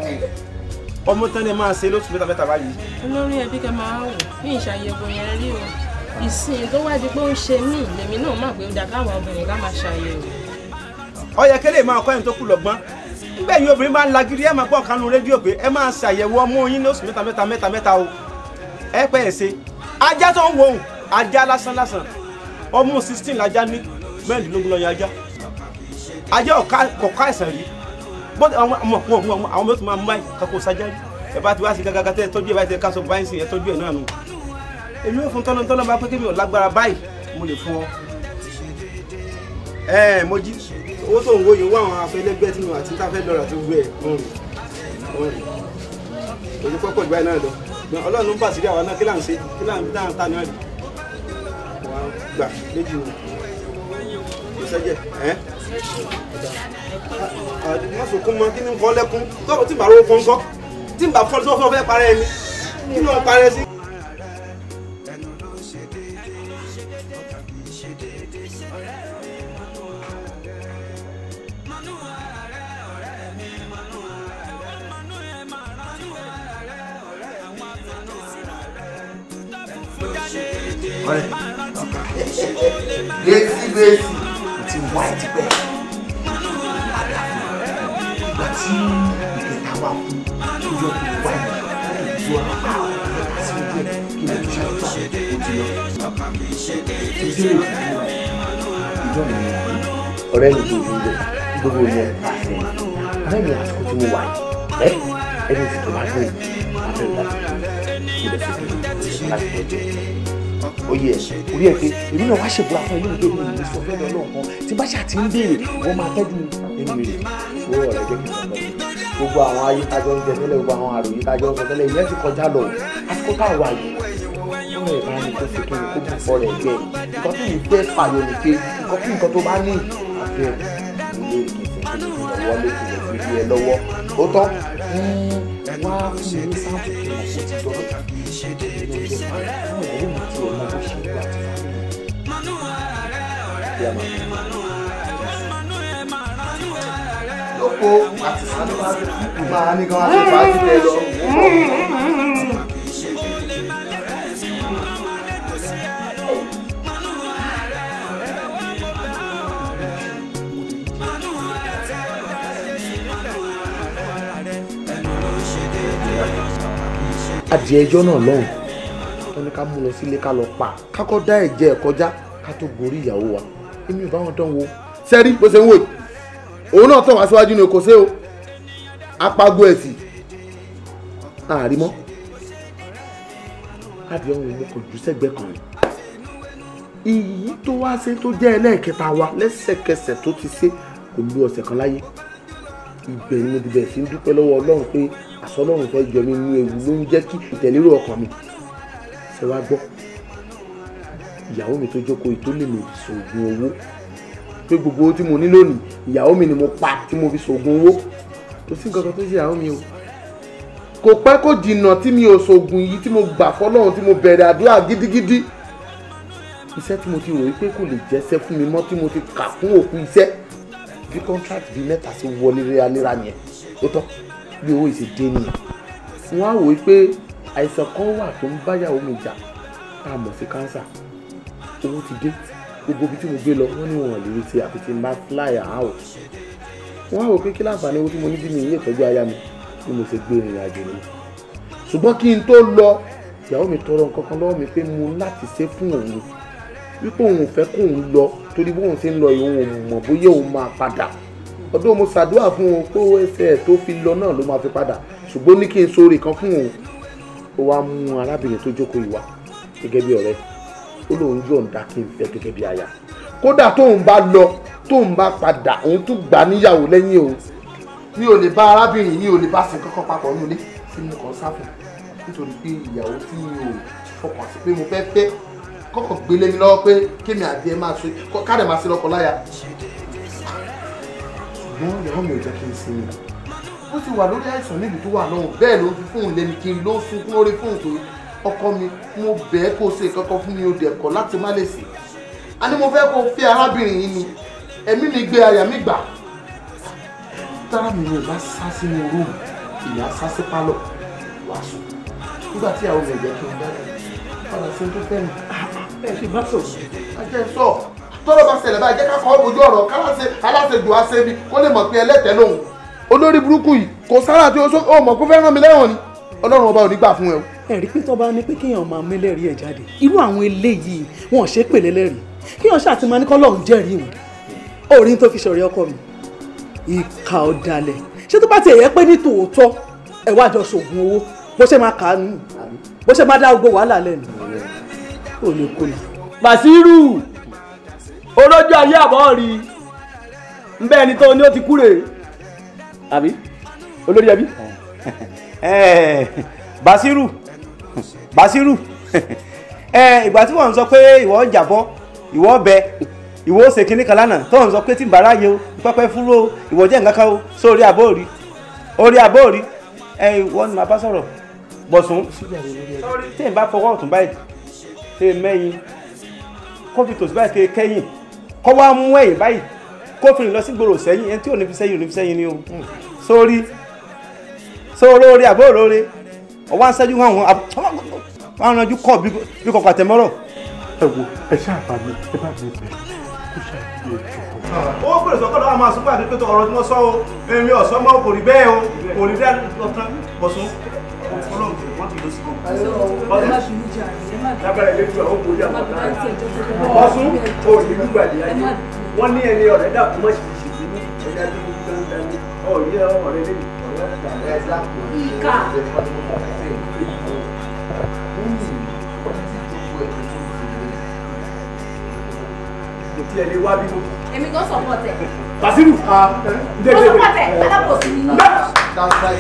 ọmọ tán lè máa ṣe lóṣù mẹ́ta mẹ́ta báyìí. olórí ẹbí kẹ máa wò bí ìṣàyẹ̀wò yẹn rí o ìsìn tó wá di pé ó ń ṣe mí lèmi náà má pé ó dá káwọn obìnrin ká máa ṣàyẹ̀wò. ọyẹ kẹlẹ máa kọ ẹni tó kù lọ́gbọ́n nígbà yìí obìnrin máa ń lagiri ẹ máa gbọ́ kanu rédíò pé ẹ máa ṣàyẹ̀wò ọmọ yín lóṣù mẹ́ta mẹ́ta mẹ́ta mẹ́ta o ẹ pẹ́ ẹ ṣe ajá tó ń wọ̀hún ajá lásán lásán ọmọ sixteen lajá ní mẹ́rìndínlógún lọ́yìn ajá ajá ọ̀ka kọ̀ọ̀ka ẹ̀sán yìí bọ́dẹ̀ àwọn ọmọ ọmọ àwọn mẹ́tò máa mú báyìí kakó sájárì ẹ bá ti wá sí gàgàgà tẹ́ ẹ tọ́jú ẹ báyìí tẹ́ ká sọ báyìí sí ẹ tọ́jú ẹ náà nù. èmi ò fún tọ́lọ́ tọ́lọ́ bá pé kémi ò lágbára báyìí mo lè fún ọ. ẹ ẹ mo jí owó tó ń wo yìí wá àwọn aṣọ ẹlẹgbẹ́ tí mo àti táfẹ́ lọ́ra tó gbé ẹ ọrùn ọrùn òní pọ́pọ̀ ìgbà náà lọ ọlọ́run ń bàṣírí àwa náà kí là ń ṣe kí là ń ta náà rí wàá gbà méjì wọn má sòkún mọ kí ni nǹkan lẹ́kún tọ́pọ̀ tí n bá rówó fọ́n kọ́ tí n bá fọ́n tó fẹ́ parẹ́ ẹni kí ni wọ́n parẹ́ sí. Olha ti wá ẹ tipẹ́ àdàfọ̀ ìgbà tí ìkẹta wa kú tó yọ kó wá ẹ ìjọ apá ìkẹta sí ojú ẹ kí ló tún ṣàlùfà ó ti lọ. ìjọ ìjọ ìjọ mi ọ̀rẹ́ mi tó dúró gbogbo ìyẹn àti ọ̀rẹ́ mi àsìkò tí mo wà ẹ ẹni tí tó bá gbé àbẹ̀wò láti ìdẹ̀sí láti ẹjọ́ oyè ẹ̀sùn orí ẹ̀ pé èmi náà wá ṣèbúra fún ẹ̀yìn òde mi ìlú sọ fẹ́ lọ lọ́ọ̀kan tí bá ṣàtì ń béèrè wọ́n máa tọ́jú ẹnu rẹ̀ owó ọ̀rẹ́ jẹ́ kí n sọ gbogbo àwọn ayé tájọ ń jẹ tẹ́lẹ̀ gbogbo àwọn àròyé tájọ ń sọ tẹ́lẹ̀ ìyẹn ti kọjá lọ àsìkò tá a wà yìí nínú ìbá ni kó fi kíni kó bù fọ́ rẹ̀ gbẹ nǹkan tó yìí fẹ́ fàyọ ni pé nǹkan kí nǹkan tó bá ní àfẹ́ ilé ìgbìmọ̀ ìwọlé ìgbìmọ̀ ìgbìmọ̀ lọ́wọ́ ó tán hmm wá fún mi ní sáàpù tó mọ̀ àti sanni máa ń fi kú máa ní kí ti tẹ̀ lọ. adìẹ ẹjọ́ náà lọ́hùn wọn ni ká mú lọ sílé ká lọ pa kákọ́ dá ẹ̀jẹ̀ ẹ̀ kọjá ká tó gorí ìyàwó wa èmi ò bá wọn dán wo sẹ́rí bó ṣe ń wò òun náà tàn wá síwájú ní okòsé o apago ẹ̀sì àrímọ́ adìẹ ọ̀hún mo kò jù sẹ́gbẹ́ kan rẹ̀ iyì tó wá ṣe tó jẹ́ ẹlẹ́ẹ̀kẹta wa lẹ́sẹ̀kẹsẹ̀ tó ti ṣe kò lu ọ̀sẹ̀ kan láyé ibẹ̀ ni mo sí ń dúpẹ́ lọ́wọ́ Ọlọ́run pé àsọlọ́run fẹ́ yọ mí ní ewu ló ń jẹ́ kí ìtẹ̀lérò ọkàn mi ṣe wá gbọ́ ìyàwó mi tó jókòó yìí tó lè mi ṣògùn owó pé gbogbo owó tí mo ní lónìí ìyàwó mi ni mo pa tí mo fi ṣògùn owó kò sí nǹkan kan tó ṣe ìyàwó mi o kò pẹ́ kò jìnnà tí mi ò ṣògùn yìí tí mo gbà fọlọ́run tí mo bẹ̀rẹ̀ àdúrà gidigidi iṣẹ́ tí mo ti rò wípé kò lè jẹ́sẹ́ fún mi mọ́ tí mo ti kà fún òkú iṣẹ́ bí contract bíi mẹ́ta ṣe wọlé léraléra yẹn ó tán bí owó ìṣe dé nìyẹn wọ́n á wò ó pé àìsàn kan wà tó ń báyàwó mi jà tá a mọ̀ sí kánsà owó ti dé gbogbo ibi tí mo gbé lọ wọ́n ní wọn lè rí ti àfi tí n bá fly out wọ́n á wò ó pé kí láǹfààní owó tí mo ní bí mi yé ìtọ́jú aya mi bí mo ṣe gbé ìrìn àjò mi ṣùgbọ́n kí n tó lọ ìyàwó mi tọrọ nǹkan kan lọ́wọ́ mi pé mo láti ṣe fún òun wípé òun ò fẹ́ kóun lọ torí bóun ṣe ń lọ yìí òun mọ̀ bóyá òun máa padà ọdún mo ṣàdúrà fún un pé ó ẹsẹ̀ tó fi lọ náà ló máa fi padà ṣùgbọ́n ní kí n sóore kan fún òun ó wá mú arábìnrin tó jókòó ìwà gẹ́gẹ́ bí ọ̀rẹ́ ó lóun yọ̀ǹda kí n fẹ́ gẹ́gẹ́ bí aya kódà tóun bá lọ tóun bá padà òun tún gbà níyàwó lẹ́yìn òun mi ò lè bá arábìnrin mi ò lè bá sin kankan papọ̀ ní tí mo kàn sáfù nítorí pé ìyàwó tí mi ò fọkàn sí pé mo fẹ́ fẹ́ kọ́kọ́ gbélé mi lọ́wọ́ pé kémi àti ẹ máa ṣe kádẹ máa ṣe lọ́kọ láya ṣùgbọ́n ìyàwó mi ò jẹ́ kí n sinmi ó ti wà lórí àìsàn níbi tó wà náà bẹ́ẹ̀ ló fi fóun lẹ́nu kiri ló sunkún lórí fóun pé ọkọ mi mo bẹ́ẹ̀ kó ṣe kankan fún mi ó dẹ̀ kọ̀ láti má lè sè á ní mo fẹ́ kó fi arábìnrin yìí ni ẹ̀mí mi gbé àyà mi gbà tára mi ò bá sá sínú rúùmù ìyá sá sí pálọ̀ wàá sùn nígbà tí àwọn ọmọ ìjẹ́ kí n dára padà sí tó fẹ́ mi. Ah, ah, ṣe bá sọ̀rọ̀ tọ́lọ́ bá ṣẹlẹ̀ báyìí jẹ́ ká kọ́ ojú ọ̀rọ̀ káláṣe aláṣejù aṣebi kó lè mọ̀ pé ẹlẹ́tẹ̀ lòun. olórí burúkú yìí kò sára tí ó mọ̀ kó fẹ́ràn mi lẹ́wọ̀n ni ọlọ́run ọba ò ní gbà fún ẹ ẹ̀rí pé tọ́ba ní pé kéèyàn máa mú ẹlẹ́rìí ẹ̀ jáde irú àwọn eléyìí wọn ò ṣe é pèlè lẹ́rìí kéèyàn ṣáàtì ní kọ́ Bàṣírù olójú ayé àbọ̀ rí nbẹ ẹni tó ní ó ti kúrè àbí olórí ẹbí. [LAUGHS] Eh, Basiru Basiru [LAUGHS] eh, ìgbà tí wọ́n ń sọ pé ìwọ jàbọ́ ìwọ bẹ ìwọ ṣe kinní kan lánàá tó ń sọ pé tí ń bá ráyè o pẹ́pẹ́ fúró o ìwọ jẹ́ nǹkan kan o sórí àbó òrí orí àbó òrí eh, ìwọ ni màá bá sọ̀rọ̀ bọ̀sùn tí ń bá fọwọ́ ọ̀tún báyìí tí ń mẹ́yìn kófì tòsí báyìí tí ń kọ́ wá mú ẹ̀yìn báyìí kó fi lọ sí gbòòrò sẹ́yìn ẹni tí ò ní fi sẹ́yìn ò ní fi sẹ́yìn ni o hmm. sórí sórí orí àbó òróore ọwọ́ àṣẹ́jú hàn wọn àwọn ọ̀nàjú kọ̀ bí kò pàtẹ́mọ́rọ̀. ẹ wo ẹ ṣáà bá mi ẹ bá mi bẹ̀ kó ṣàlàyé ẹjọ́ ó gbèrè sọ́kọ́ lọ́wọ́ máa sún pàdé pé ọ̀rọ̀ tí wọ́n sọ o èmi ọ̀sán mọ́ kò rí bẹ́ẹ̀ o kò rí bẹ́ẹ̀ lọ́tàn bọ̀sùn ọlọ́run mọ́tò ló sì kú. lábàrá ilé ìtura ó borí àwọn ọ̀tá rẹ̀ ọ̀sùn òní gbígbàdé ayé wọ́n ní ẹni ọ̀rẹ́ dàpọ̀ mọ́ sí ìṣèlú ní ẹ̀dá tó ń gbá ń dání ọ̀rí ọ̀rẹ́ lẹ́yìn ọ̀rẹ́ ẹ̀dá kò ní ìka. mo ti ẹni wá bí mo èmi gan support ẹ. Basiru ǹjẹ́ ah, ǹjẹ́ eh, support ẹ alábò sí mi. ìjà. ọ̀rẹ́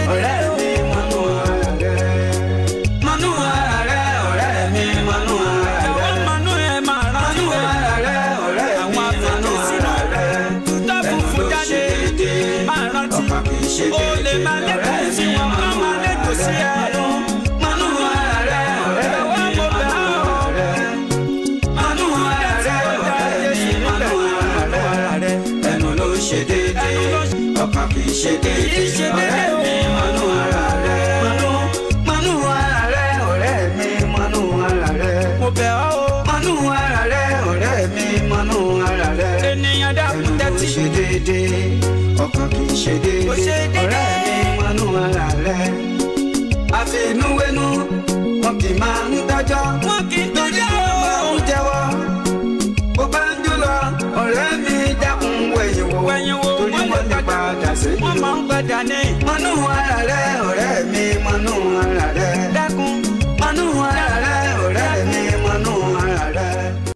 mi mọ̀ mọ́. ṣe déédé ọ̀rẹ́ mi wọnú ara rẹ̀ àfinúwénú wọn kì í máa ń dájọ́ wọn kì í dájọ́ máa ń jẹ́wọ́ bó bá ń jó ọ̀rẹ́ mi dákun wẹ̀yìn wò torí wọ́n lè padà sẹ́yìn. wọ́n máa ń padà ní